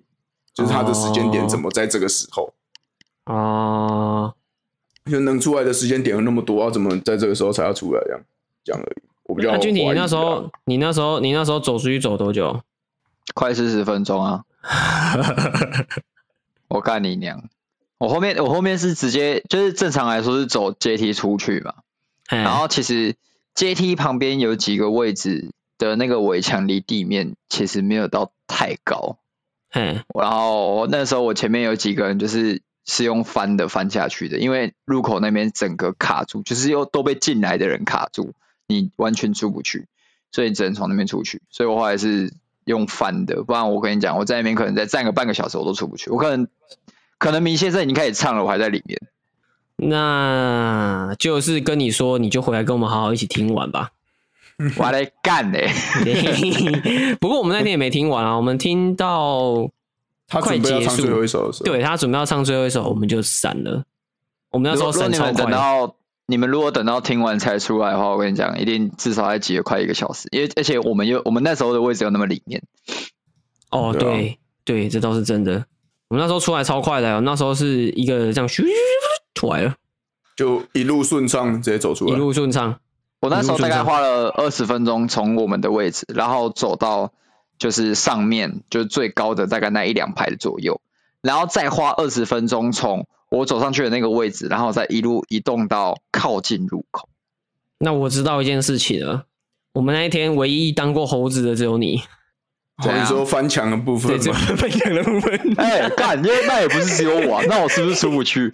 就是他的時間點怎麼在這個時候啊？Oh. Oh. 就能出來的時間點了那麼多，要、啊、怎麼在這個時候才要出來？這樣這樣而已。我不知道。阿俊你那時候，你那時候，你那時候走出去走多久？快四十分鐘啊！我幹你娘！我後面我後面是直接，就是正常來說是走階梯出去嘛。然後其實階梯旁邊有幾個位置的那個圍牆離地面其實沒有到太高。嗯。然後我那時候我前面有幾個人就是是用翻的翻下去的，因為入口那邊整個卡住，就是又都被進來的人卡住，你完全出不去，所以你只能從那邊出去。所以我後來是。用翻的，不然我跟你講，我在那邊可能再站個半個小時，我都出不去。我可能，可能明先生已經開始唱了，我還在裡面。那就是跟你說，你就回來跟我們好好一起聽完吧。我來幹嘞 對！ 不過我們那天也沒聽完啊，我們聽到他快結束，他要唱最後一首，對，他準備要唱最後一首，我們就散了。我們那時候散超快，等到。你們如果等到聽完才出來的話，我跟你講，一定至少要擠了快一個小時。因為而且我們有我們那時候的位置有那麼裡面。哦，對啊，對，對，這倒是真的。我們那時候出來超快的，我們那時候是一個這樣咻咻咻，出來了就一路順暢，直接走出來，一路順暢。我那時候大概花了二十分鐘，從我們的位置，然後走到就是上面，就是最高的大概那一兩排左右，然後再花二十分鐘從。我走上去的那個位置，然後再一路移動到靠近入口。那我知道一件事情了，我們那一天唯一當過猴子的只有你。所以說，說翻牆的部分。對，翻牆的部分。哎，幹，因為那也不是只有我、啊， 那我是不是出不去？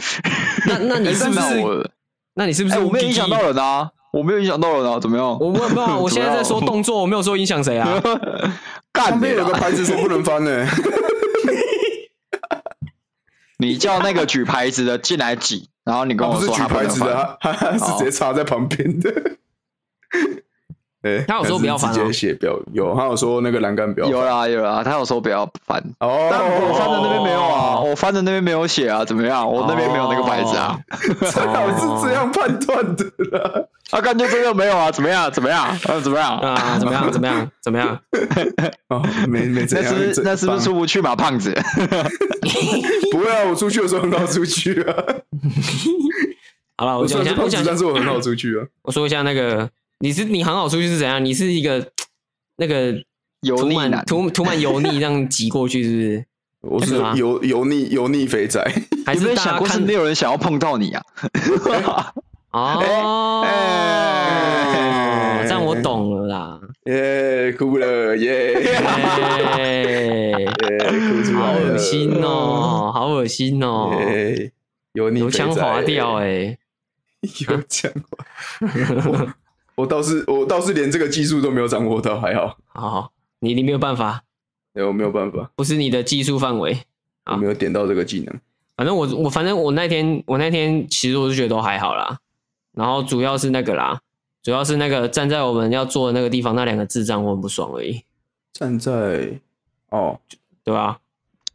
那那你是不是？那你是不是？欸是不是我，是不是欸、我沒有影響到人啊，我沒有影響到人啊，怎麼樣？我沒有，沒有，我現在在說動作，我沒有說影響誰啊。 幹，上面有個牌子說不能翻呢、欸。 你叫那個舉牌子的進來擠，然後你跟我說他不是舉牌子的，是直接插在旁邊的。欸、他有說不要翻、喔，直接寫標語有。他有說那個欄杆不要翻，有啦有啦。他有說不要翻哦。但我翻的那邊沒有啊，哦、我翻的那邊沒有寫啊，怎麼樣？我那邊沒有那個牌子啊。最、哦、好是這樣判斷的了、哦啊。啊，感覺這個沒有啊？怎麼樣？怎麼樣？啊？怎麼樣？啊？怎麼樣？怎麼樣？怎麼樣？ 哦，沒沒這樣。那是不是那是不是，那是不是出不去嘛？胖子。 不會啊，我出去的時候很好出去啊。 好了，我想一下我，是我想一下，我，想一下但是我很好出去啊、嗯。我說一下那個。你是你很好出去是怎樣？你是一個那個油膩塗塗滿油膩這樣擠過去是不是？ 我是，是嗎油油膩油膩肥宅，還是有沒有想過？沒有人想要碰到你啊！ 哦、欸欸欸，這樣我懂了啦！耶哭了耶！耶，欸欸、哭了好噁心、喔、哦！好噁心哦、喔！油油腔、欸、滑調哎、欸，油、啊、腔滑。 我倒是，我倒是連這個技術都沒有掌握到，還好。好，好，你你沒有辦法，沒、欸、有沒有辦法，不是你的技術範圍啊，我沒有點到這個技能。反正我我反正我那天我那天其實我是覺得都還好啦，然後主要是那個啦，主要是那個站在我們要坐的那個地方那兩個智障我很不爽而已。站在哦，對吧、啊？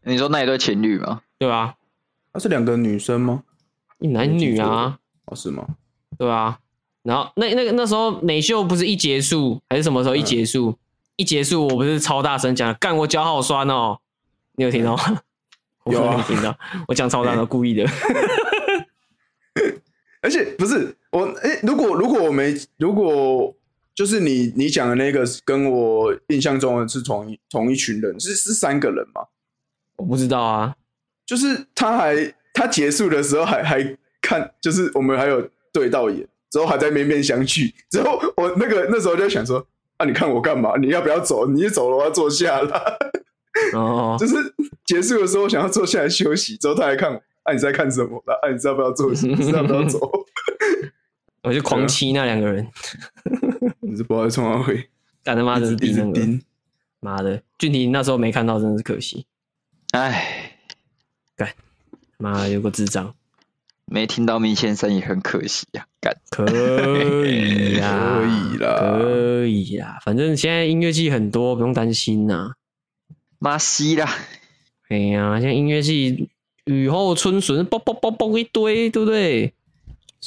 你說那一對情侶嗎？對吧、啊？那、啊、是兩個女生嗎？一男女啊？啊，是嗎？對啊。然後那那個那，那時候美秀不是一結束還是什麼時候一結束，嗯、一結束我不是超大聲講，幹我腳好酸哦，你有聽到嗎？有啊，我聽到， 我講超大聲，欸，故意的。 而且不是我哎，欸，如果如果我沒如果就是你你講的那個跟我印象中的是同一同一群人，是是三個人嗎？我不知道啊，就是他還他結束的時候還還看，就是我們還有對到眼。之後還在面面相覷。之後我那個那時候就想說：“啊，你看我幹嘛？你要不要走？你一走了我要坐下了。”哦，就是結束的時候想要坐下來休息。之後他還看我：“啊，你在看什麼？啊，你知道不要坐？ 你知道不要走？” 我就狂踢那兩個人。你是包在春晚會但他媽的叮那個媽的，俊庭那時候沒看到，真的是可惜。哎， 幹他媽有個智障。沒聽到明先生也很可惜啊，可以可以，可以啦，可以啦，反正現在音樂季很多，不用擔心吶、啊。媽希啦，哎呀、啊，現在音樂季雨後春筍，嘣嘣嘣嘣，一堆，對不對？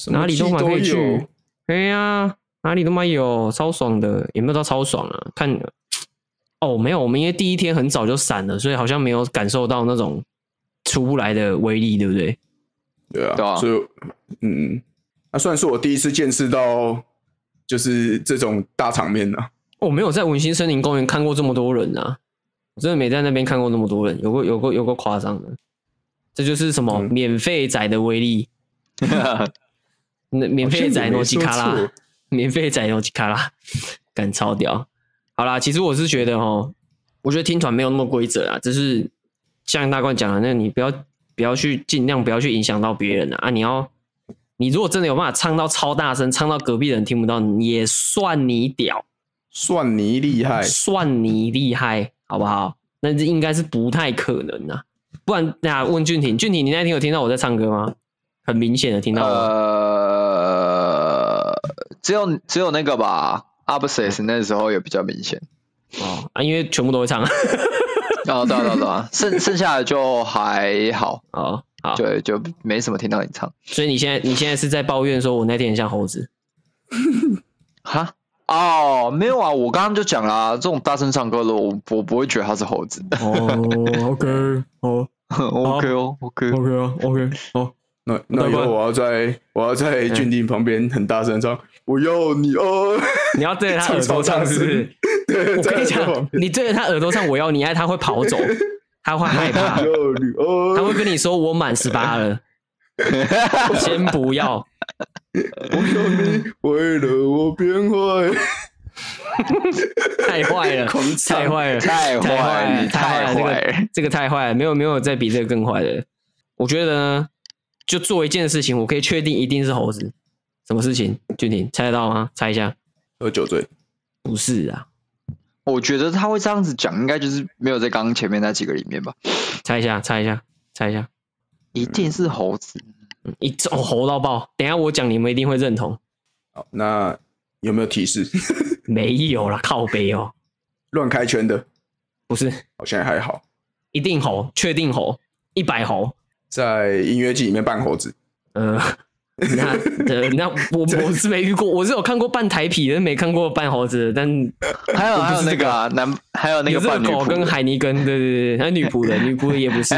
哪裡都還可以去，哎呀、啊，哪裡都蠻有，超爽的，有沒有到超爽啊？看，哦，沒有，我們因為第一天很早就散了，所以好像沒有感受到那種出不來的威力，對不對？對啊，對啊，所以，嗯，那、啊、算是我第一次見識到，就是這種大場面了、啊。我沒有在文心森林公園看過這麼多人啊，我真的沒在那邊看過那麼多人，有過、有過、有過誇張的。這就是什麼、嗯、免費仔的威力，那 免費仔諾基卡拉，免費仔諾基卡拉，幹 超屌。好啦，其實我是覺得哦，我覺得聽團沒有那麼規則啦，只是像大冠講的，那你不要。不要去盡量不要去影響到別人啊！啊你要，你如果真的有辦法唱到超大聲，唱到隔壁的人聽不到，也算你屌，算你厲害，算你厲害，好不好？那這應該是不太可能啊，不然大家、啊、問俊挺，俊挺，你那天有聽到我在唱歌嗎？很明顯的聽到，呃，只有只有那個吧 a b s c e 那時候也比較明顯、哦，啊，因為全部都會唱。 哦，對啊，對，啊對啊剩，剩下的就還好啊，好， 就沒什麼聽到你唱，所以你現在你現在是在抱怨說我那天很像猴子， 哈？哦，沒有啊，我剛剛就講了、啊，這種大聲唱歌的，我我不會覺得他是猴子。哦、oh, OK，好、oh. ，OK 哦，OK，OK 啊，OK，好、oh, okay. okay oh, okay. oh. 那那以後我要在、oh, 我要在俊定旁邊很大聲唱，yeah. 我要你哦， 你要對他耳朵唱是不是？ 我跟你講，你對着他耳朵上，我要你愛他，會跑走， 他會害怕， 他會跟你說我滿十八了， 先不要。為了我變壞，太壞了，太壞了， 了，太壞，太壞，這個， 這個太壞了，沒有沒有再比這個更壞的了。我覺得呢，就做一件事情，我可以確定一定是猴子。什麼事情？俊廷猜得到嗎？猜一下。喝酒醉？不是啊。我覺得他會這樣子講，應該就是沒有在剛剛前面那幾個裡面吧？猜一下，猜一下，猜一下，一定是猴子，嗯、一哦猴到爆。等一下我講，你們一定會認同。好，那有沒有提示？ 沒有啦，靠北哦、喔。亂開圈的，不是。好像還好。一定猴，確定猴，一百猴，在音樂祭裡面扮猴子。嗯、呃。 你看，那我我是沒遇過，我是有看過扮台啤的，沒看過扮猴子的。但還有、啊、還有那個、啊、男，還有那個扮狗跟海尼根，對對對，還有女僕的，女僕也不是，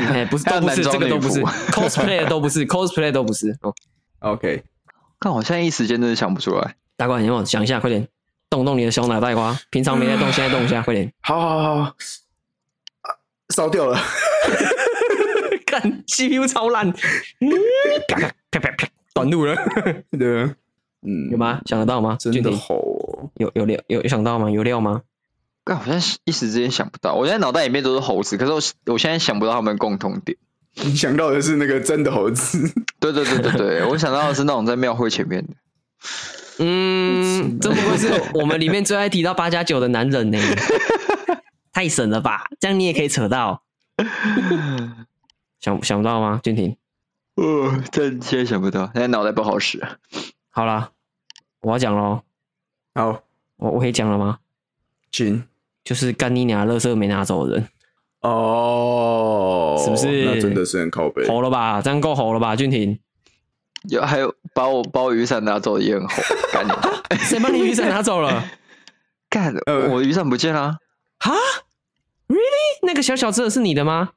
都不是，這個都不是 cosplay 的都不是 ，cosplay 都不是。Oh, OK，看我現在一時間真的想不出來， 大哥你讓我想一下，快點動動你的小腦袋瓜，平常沒在動， 現在動一下，快點。好好好，好，啊，燒掉了，看 CPU 超爛， 啪啪啪啪啪。短路了， 對、啊、嗯，有嗎？想得到嗎？真的猴，有有料有有想到嗎？有料嗎？我好像是一時之間想不到，我現在腦袋裡面都是猴子，可是，我我現在想不到他們的共同點。你想到的是那個真的猴子？對對對對對，我想到的是那種在廟會前面的。 嗯，這不會是我們裡面最愛提到八加九的男人呢？ 太神了吧！這樣你也可以扯到， 想想不到嗎？俊廷。呃、哦，真切想不到他現在腦袋不好使。好啦，我要講咯。好，我我可以講了嗎？俊，就是幹你娘，垃圾沒拿走的人。哦，是不是？那真的是很靠北，猴了吧？這樣夠猴了吧，俊廷？有還有把我包雨傘拿走的也很猴，幹 你！誰、啊、 把你雨傘拿走了？幹。o 我雨傘不見了、啊。啊、uh,？Really？那個小小隻的是你的嗎？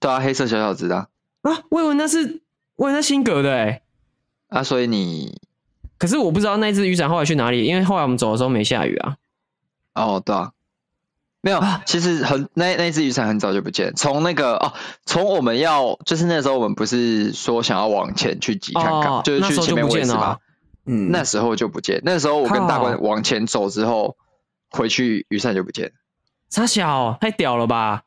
對啊，黑色小小隻的。啊，魏文那是。喂，他新格的哎，啊，所以你，可是我不知道那只雨傘後來去哪裡，因為後來我們走的時候沒下雨啊。哦，對啊，沒有， 其實很那那只雨傘很早就不見了從那個哦，從我們要就是那時候我們不是說想要往前去擠看看、哦，就是去前面位置嘛，嗯、哦，那時候就不見,那就不見、嗯，那時候我跟大官往前走之後回去雨傘就不見了，差小，太屌了吧！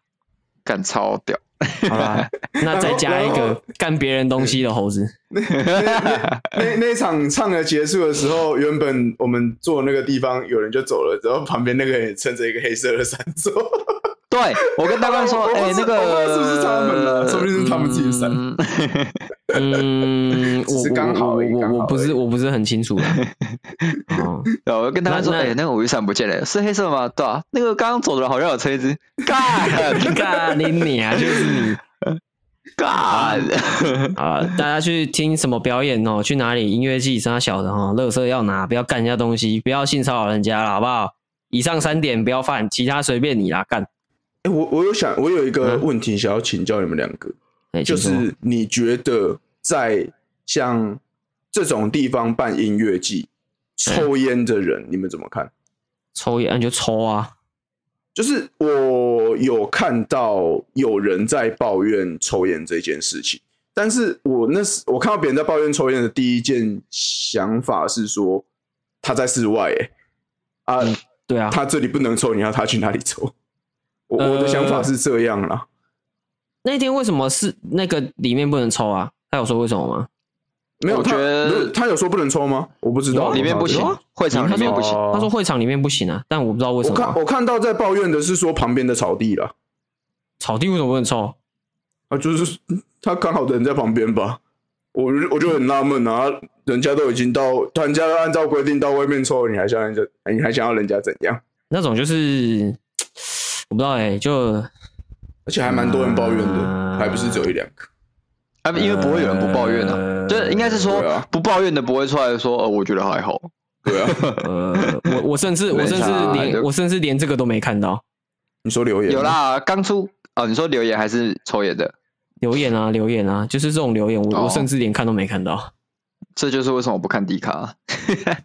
幹超屌 好啦，那再加一個幹別人東西的猴子。 那那，那，那，那，那，那場唱的結束的時候， 原本我們坐那個地方有人就走了，然後旁邊那個人也撐着一個黑色的傘走。 對，我跟大家說，哎、欸，那個、哦、是不是他們了？是不是他們進山？嗯，我 剛好，我我不是，我不是很清楚的。 哦，我跟大家說，哎、欸，那個我雨傘不見了，是黑色嗎？對、啊、那個剛剛走的好像有車子。幹你 你啊，就是你。幹啊，大家去聽什麼表演哦、喔？去哪裡？音樂祭，是那小的哈，垃圾要拿，不要幹人家東西，不要性騷擾人家了，好不好？以上三點不要犯，其他隨便你啦，幹。哎、欸，我我有想，我有一個問題想要請教你們兩個、嗯，就是你覺得在像這種地方辦音樂祭、嗯，抽菸的人，你們怎麼看？抽菸你就抽啊！就是我有看到有人在抱怨抽菸這件事情，但是我那時，我看到別人在抱怨抽菸的第一件想法是說他在室外、欸，哎、啊、嗯，對啊，他這裡不能抽，你要他去哪裡抽？我的想法是這樣啦、呃。那天為什麼是那個裡面不能抽啊？他有說為什麼嗎？沒有，他他有說不能抽嗎？我不知道，裡面不行，會場裡面不行。他說會場裡面不行啊，但我不知道為什麼、啊。我看我看到在抱怨的是說旁邊的草地啦，草地為什麼不能抽啊？就是他剛好的人在旁邊吧，我我就很納悶啊、嗯，人家都已經到，人家都按照規定到外面抽，你還想要人家，你還想要人家怎樣？那種就是。我不知道哎、欸，就而且還蠻多人抱怨的、嗯，還不是只有一兩個啊，因為不會有人不抱怨的、啊，對、呃，就應該是說不抱怨的不會出來說，哦、呃呃，我覺得還好，對啊， 呃、我我甚至我甚至連我甚至連這個都沒看到。你說留言？有啦，剛出啊、哦？你說留言還是抽煙的留言啊？留言啊，留言啊，就是這種留言，我、哦、我甚至連看都沒看到，這就是為什麼我不看迪卡、啊？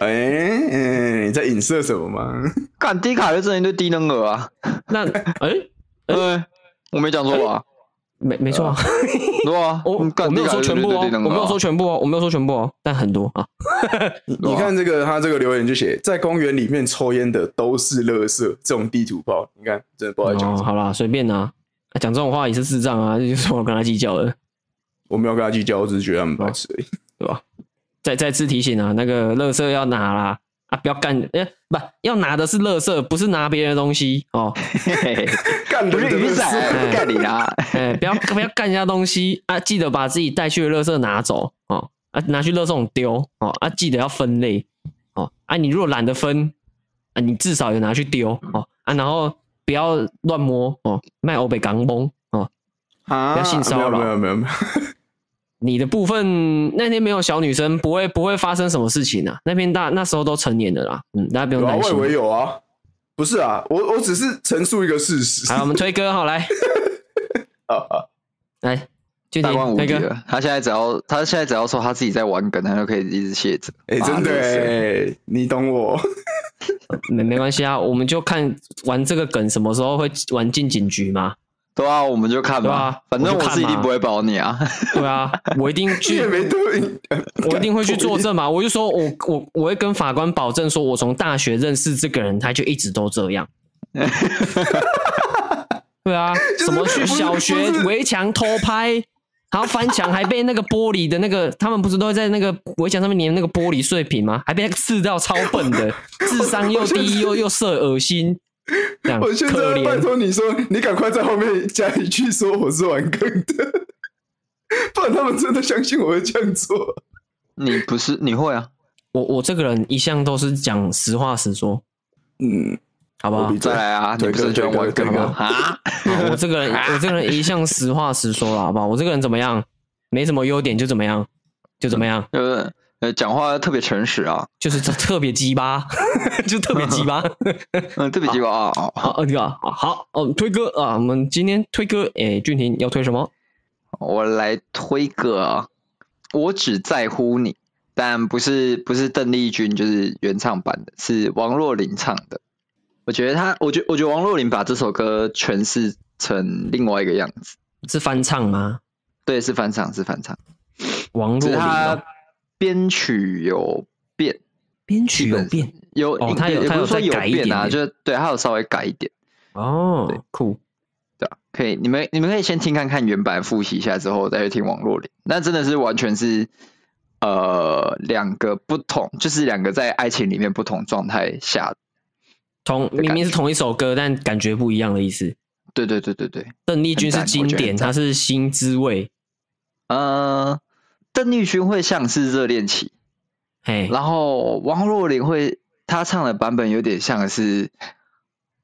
哎、欸欸，你在影射什麼嗎？幹低卡的真人都低能兒啊？那哎哎、欸欸欸，我沒講錯吧？沒沒錯、啊，錯啊 我我沒有、哦！我沒有說全部哦，我沒有說全部哦，我沒有說全部哦，但很多啊，啊。你看這個，他這個留言就寫，在公園裡面抽菸的都是樂色，這種地圖炮，你看真的不知道在講什麼、哦、好啦，隨便啦、啊，講、啊、這種話也是智障啊！就是我跟他計較了，我沒有跟他計較，我只是覺得他們不配，對吧、啊？對啊再再次提醒啊，那個樂色要拿啦啊不，欸，不要幹誒，不要拿的是樂色，不是拿別人的東西哦。幹別人不幹你啦！哎，不要不要幹人家東西啊！記得把自己帶去的樂色拿走哦啊，拿去樂色桶丟哦啊，記得要分類哦啊，你如果懶得分啊，你至少要拿去丟哦啊，然後不要亂摸哦，賣歐北港崩哦啊，不要性騷擾、啊，沒有沒有沒有。沒有 你的部分那天沒有小女生，不會不會發生什麼事情啊？那邊大那時候都成年的啦，嗯，大家不用擔心、啊。啊、我以為有啊，不是啊，我我只是陳述一個事實。 好，我們推哥，好來，啊啊，來，就 光 來 推哥，他現在只要他現在只要說他自己在玩梗，他就可以一直卸着。哎、欸，真的、欸，你懂我。沒 沒關係啊，我們就看玩這個梗什麼時候會玩進警局嗎？對啊，我們就看吧、對啊。反正我自己一定不會保你啊。對啊，我一定去。我一定會去作證嘛。我就說我我我會跟法官保證，說我從大學認識這個人，他就一直都這樣。 對啊，就是、什麼去小學圍牆偷拍，然後翻牆還被那個玻璃的那個，他們不是都會在那個圍牆上面粘那個玻璃碎品嗎？還被刺到超笨的，智商又低又又色噁心。我現在拜託你說，你趕快在後面加一句說我是玩梗的，不然他們真的相信我會這樣做。你不是你會啊？我我這個人一向都是講實話實說，嗯，好不好？你再來啊，你不是講玩梗嗎？啊， 我這個人我這個人一向實話實說了，好不好？我這個人怎麼樣？沒什麼優點就怎麼樣，就怎麼樣，不呃，講話特別誠實啊，就是這特別雞巴，就特別雞巴，嗯，特別雞巴啊，好，啊個好，哦，推歌。啊、哦，我們今天推歌。哎、欸，俊廷要推什麼？我來推歌啊，我只在乎你，但不是不是鄧麗君，就是原唱版的，是王若琳唱的。我覺得他，我覺，我覺得王若琳把這首歌詮釋成另外一個樣子，是翻唱嗎？對，是翻唱，是翻唱，王若琳，哦。編曲有變，編曲有變，有他有他有也不是說有變啊、哦，改點點，就對，他有稍微改一點哦，對，酷，對吧？可以，你們你們可以先聽看看原版，複習一下之後再去聽網絡裡。那真的是完全是呃兩個不同，就是兩個在愛情裡面不同狀態下，同明明是同一首歌，但感覺不一樣的意思。對對對對對，鄧麗君是經典，她是新滋味，嗯、呃。鄧麗君會像是熱戀期，然後王若琳會她唱的版本有點像是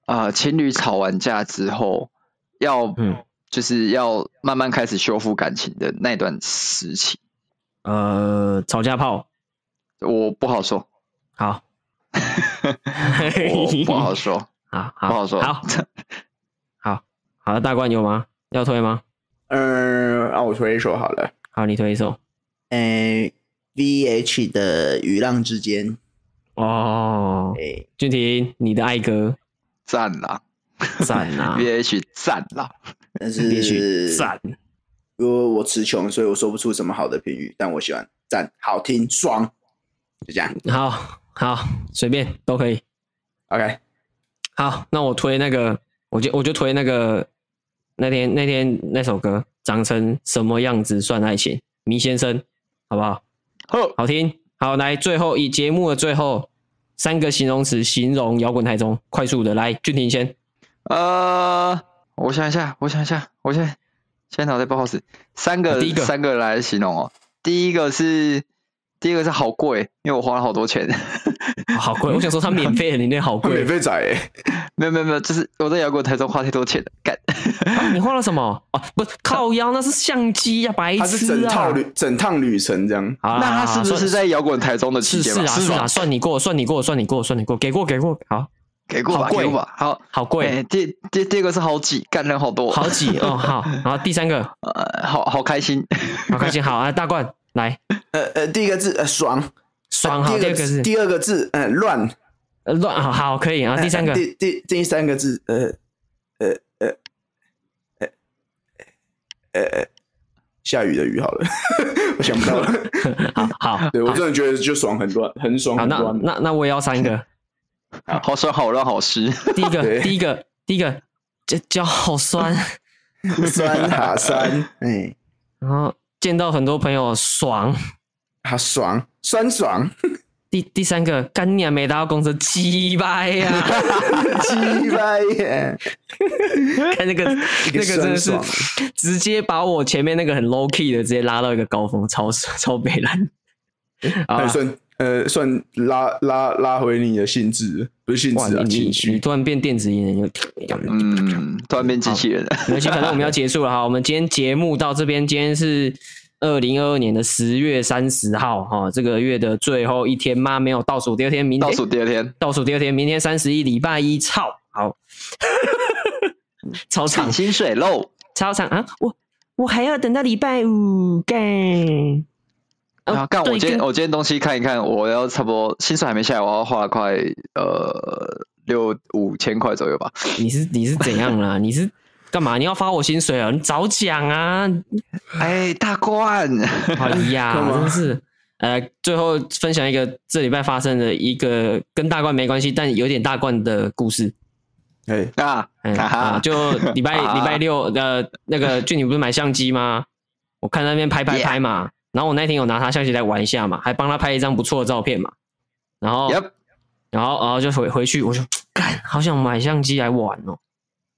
啊、呃，情侶吵完架之後要、嗯、就是要慢慢開始修復感情的那段時期，呃，吵架炮，我不好說，好， 不好說 好，好，不好說好，好，好，好，大冠有嗎？要推嗎？嗯、呃，啊，我推一首好了，好，你推一首。哎、欸、V H 的雨浪之間哦，哎、欸，俊婷，你的愛歌讚啦讚啦 ，V H 讚啦，但是讚，因為我詞窮，所以我說不出什麼好的評語，但我喜歡，讚，好聽，爽，就這樣，好好隨便都可以，OK，好，那我推那個，我就我就推那個，那天那天那首歌，長成什麼樣子算愛情？迷先生。好不好？好，好聽。好，來最後以節目的最後三個形容詞形容搖滾台中快速的。來，俊婷先。呃，我想一下，我想一下，我現在現在腦袋不好使。三個，啊，第一個，三個來形容哦。第一個是。第一個是好貴，因為我花了好多錢，哦、好貴。 我想說，他免費 你那好貴，免費仔。沒 有沒有沒有，就是我在搖滾台中花太多錢了。幹啊，你花了什麼？哦、啊，不是靠腰，那是相機呀，啊，白痴啊！是整趟旅，整趟旅程這樣。那他是不是在搖滾台中的期間？是是啊，是啊，算你過，算你過，算你過，算你過，給過給過，好，給過吧，給過吧，好好貴，欸。第第第二個是好擠，幹了好多，好擠哦。好，然後第三個， 好好，好開心，好開心，好啊，大冠。 來，呃呃，第一個字呃，爽爽好，第二個字第二個字嗯，亂亂好好可以啊、呃，第三個第第第三個字呃呃呃呃呃，呃下雨的雨好了， 我想不到了。好 好，好 對我真的覺得就爽很亂很爽很亂，那那那我也要三個。 好，好酸好亂，好濕。 第一個第一個第一個腳腳好酸， 酸卡酸哎、 嗯，然後。見到很多朋友爽，好、啊、爽，酸爽。第第三個幹娘 沒拿到公司，雞掰呀，雞 掰耶！看那個，那個真的是爽，直接把我前面那個很 low key 的，直接拉到一個高峰，超超美男。啊，孫。呃，算拉拉拉回你的性質，不是性質，你突然變電子音了，嗯，突然變機器人了。反正我們要結束了，好，我們今天節目到這邊。今天是二零二二年的十月三十號，哈，這個月的最後一天，媽，沒有，倒數第二天，明天倒數第二天，倒數第二天，明天三十一，禮拜一，操，好， 超長薪水漏，超長啊，我我還要等到禮拜五幹。啊！幹我今天我今天東西看一看，我要差不多薪水還沒下來，我要花快呃六五千塊左右吧。你是你是怎樣啦？ 你是幹嘛？你要發我薪水啊？你早講啊！哎、欸，大冠，哎 呀，我い真 是呃，最後分享一個這禮拜發生的一個跟大冠沒關係，但有點大冠的故事。哎、欸、啊，哈、欸啊啊、哈，就禮拜禮、啊啊、拜六呃那個俊你不是買相機嗎？ 我看那邊拍拍拍嘛。Yeah. 然後我那天有拿他相機來玩一下嘛，還幫他拍一張不錯的照片嘛。然後，Yep. 然後，然後就回回去，我就幹，好想買相機來玩哦，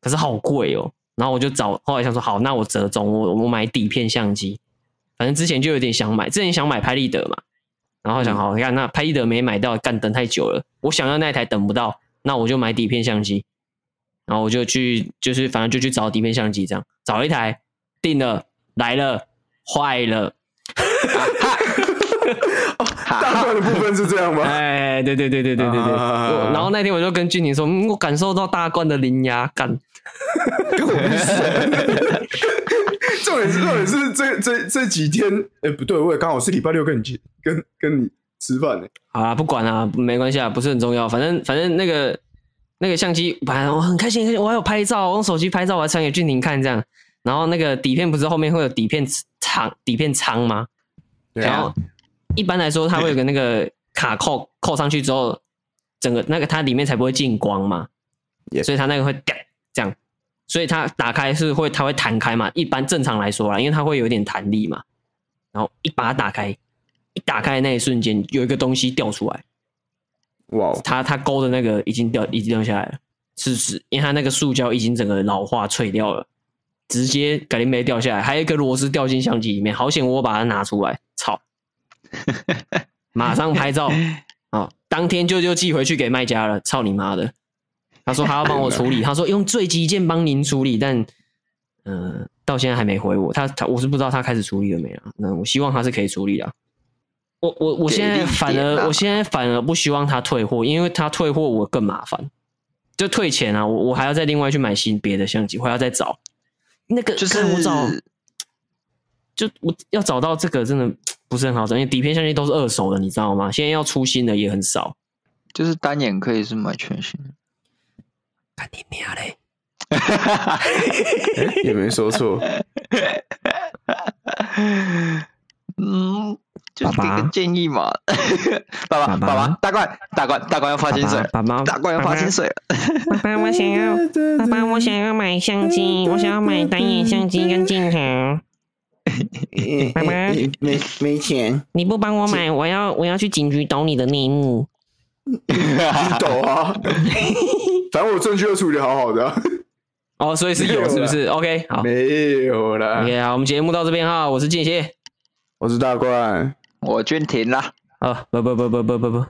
可是好貴哦。然後我就找，後來想說，好，那我折中，我我買底片相機。反正之前就有點想買，之前想買拍立得嘛。然後想，嗯、好，你看那拍立得沒買到，乾等太久了，我想要那台等不到，那我就買底片相機。然後我就去，就是反正就去找底片相機這樣，找一台，定了，來了，壞了。 大罐的部分是這樣嗎？ 哎，哎，哎，對對對對對對對。啊、 然後那天我就跟俊廷說，我感受到大罐的靈壓感，根本不是。重點是重點是這這這幾天，哎、欸、不對，我也剛好是禮拜六跟你去跟你跟你吃飯、欸。哎，好啦，不管啊，沒關係啊，不是很重要，反正反正那個那個相機，反正我很開心，我還有拍照，我用手機拍照，我還傳給俊廷看這樣。然後那個底片不是後面會有底片倉底片倉嗎？然後一般來說，它會有個那個卡扣扣上去之後，整個那個它裡面才不會進光嘛，所以它那個會掉這樣，所以它打開是會它會彈開嘛。一般正常來說啊，因為它會有點彈力嘛，然後一把它打開，一打開的那一瞬間有一個東西掉出來，哇！它它勾的那個已經掉已經掉下來了，是是，因為它那個塑膠已經整個老化脆掉了，直接感覺沒掉下來，還有一個螺絲掉進相機裡面，好險我把它拿出來。好，馬上拍照啊！當天就就寄回去給賣家了。操你媽的！他說還要幫我處理， 他說用最急件幫您處理，但嗯、呃，到現在還沒回我。他他我是不知道他開始處理了沒有。那我希望他是可以處理了，啊，我我我現在反而我現在反而不希望他退貨，因為他退貨我更麻煩，就退錢啊！我我還要再另外去買新別的相機，我還要再找那個就是。看我找就我要找到這個真的不是很好找，因為底片相機都是二手的，你知道嗎？現在要出新的也很少。就是單眼可以是買全新的。幹你娘嘞。 也沒說錯。嗯，就給個建議嘛。爸爸，爸爸，大怪，大怪，大怪要發薪水。爸爸，爸爸大怪要發薪水爸爸，爸，爸，爸，爸，爸爸，我想要。對對對爸爸，我想要買相機，我想要買單眼相機跟鏡頭。媽 媽、嗯嗯嗯、沒沒錢，你不幫我買，我要我要去警局抖你的內幕。 你抖啊！反 正我證據又處理好好的、啊。哦，所以是有，有是不是？OK，好，沒有了。OK 啊，我們節目到這邊哈，我是劍仙，我是大怪，我君庭啦。啊，不不不不不不不，不。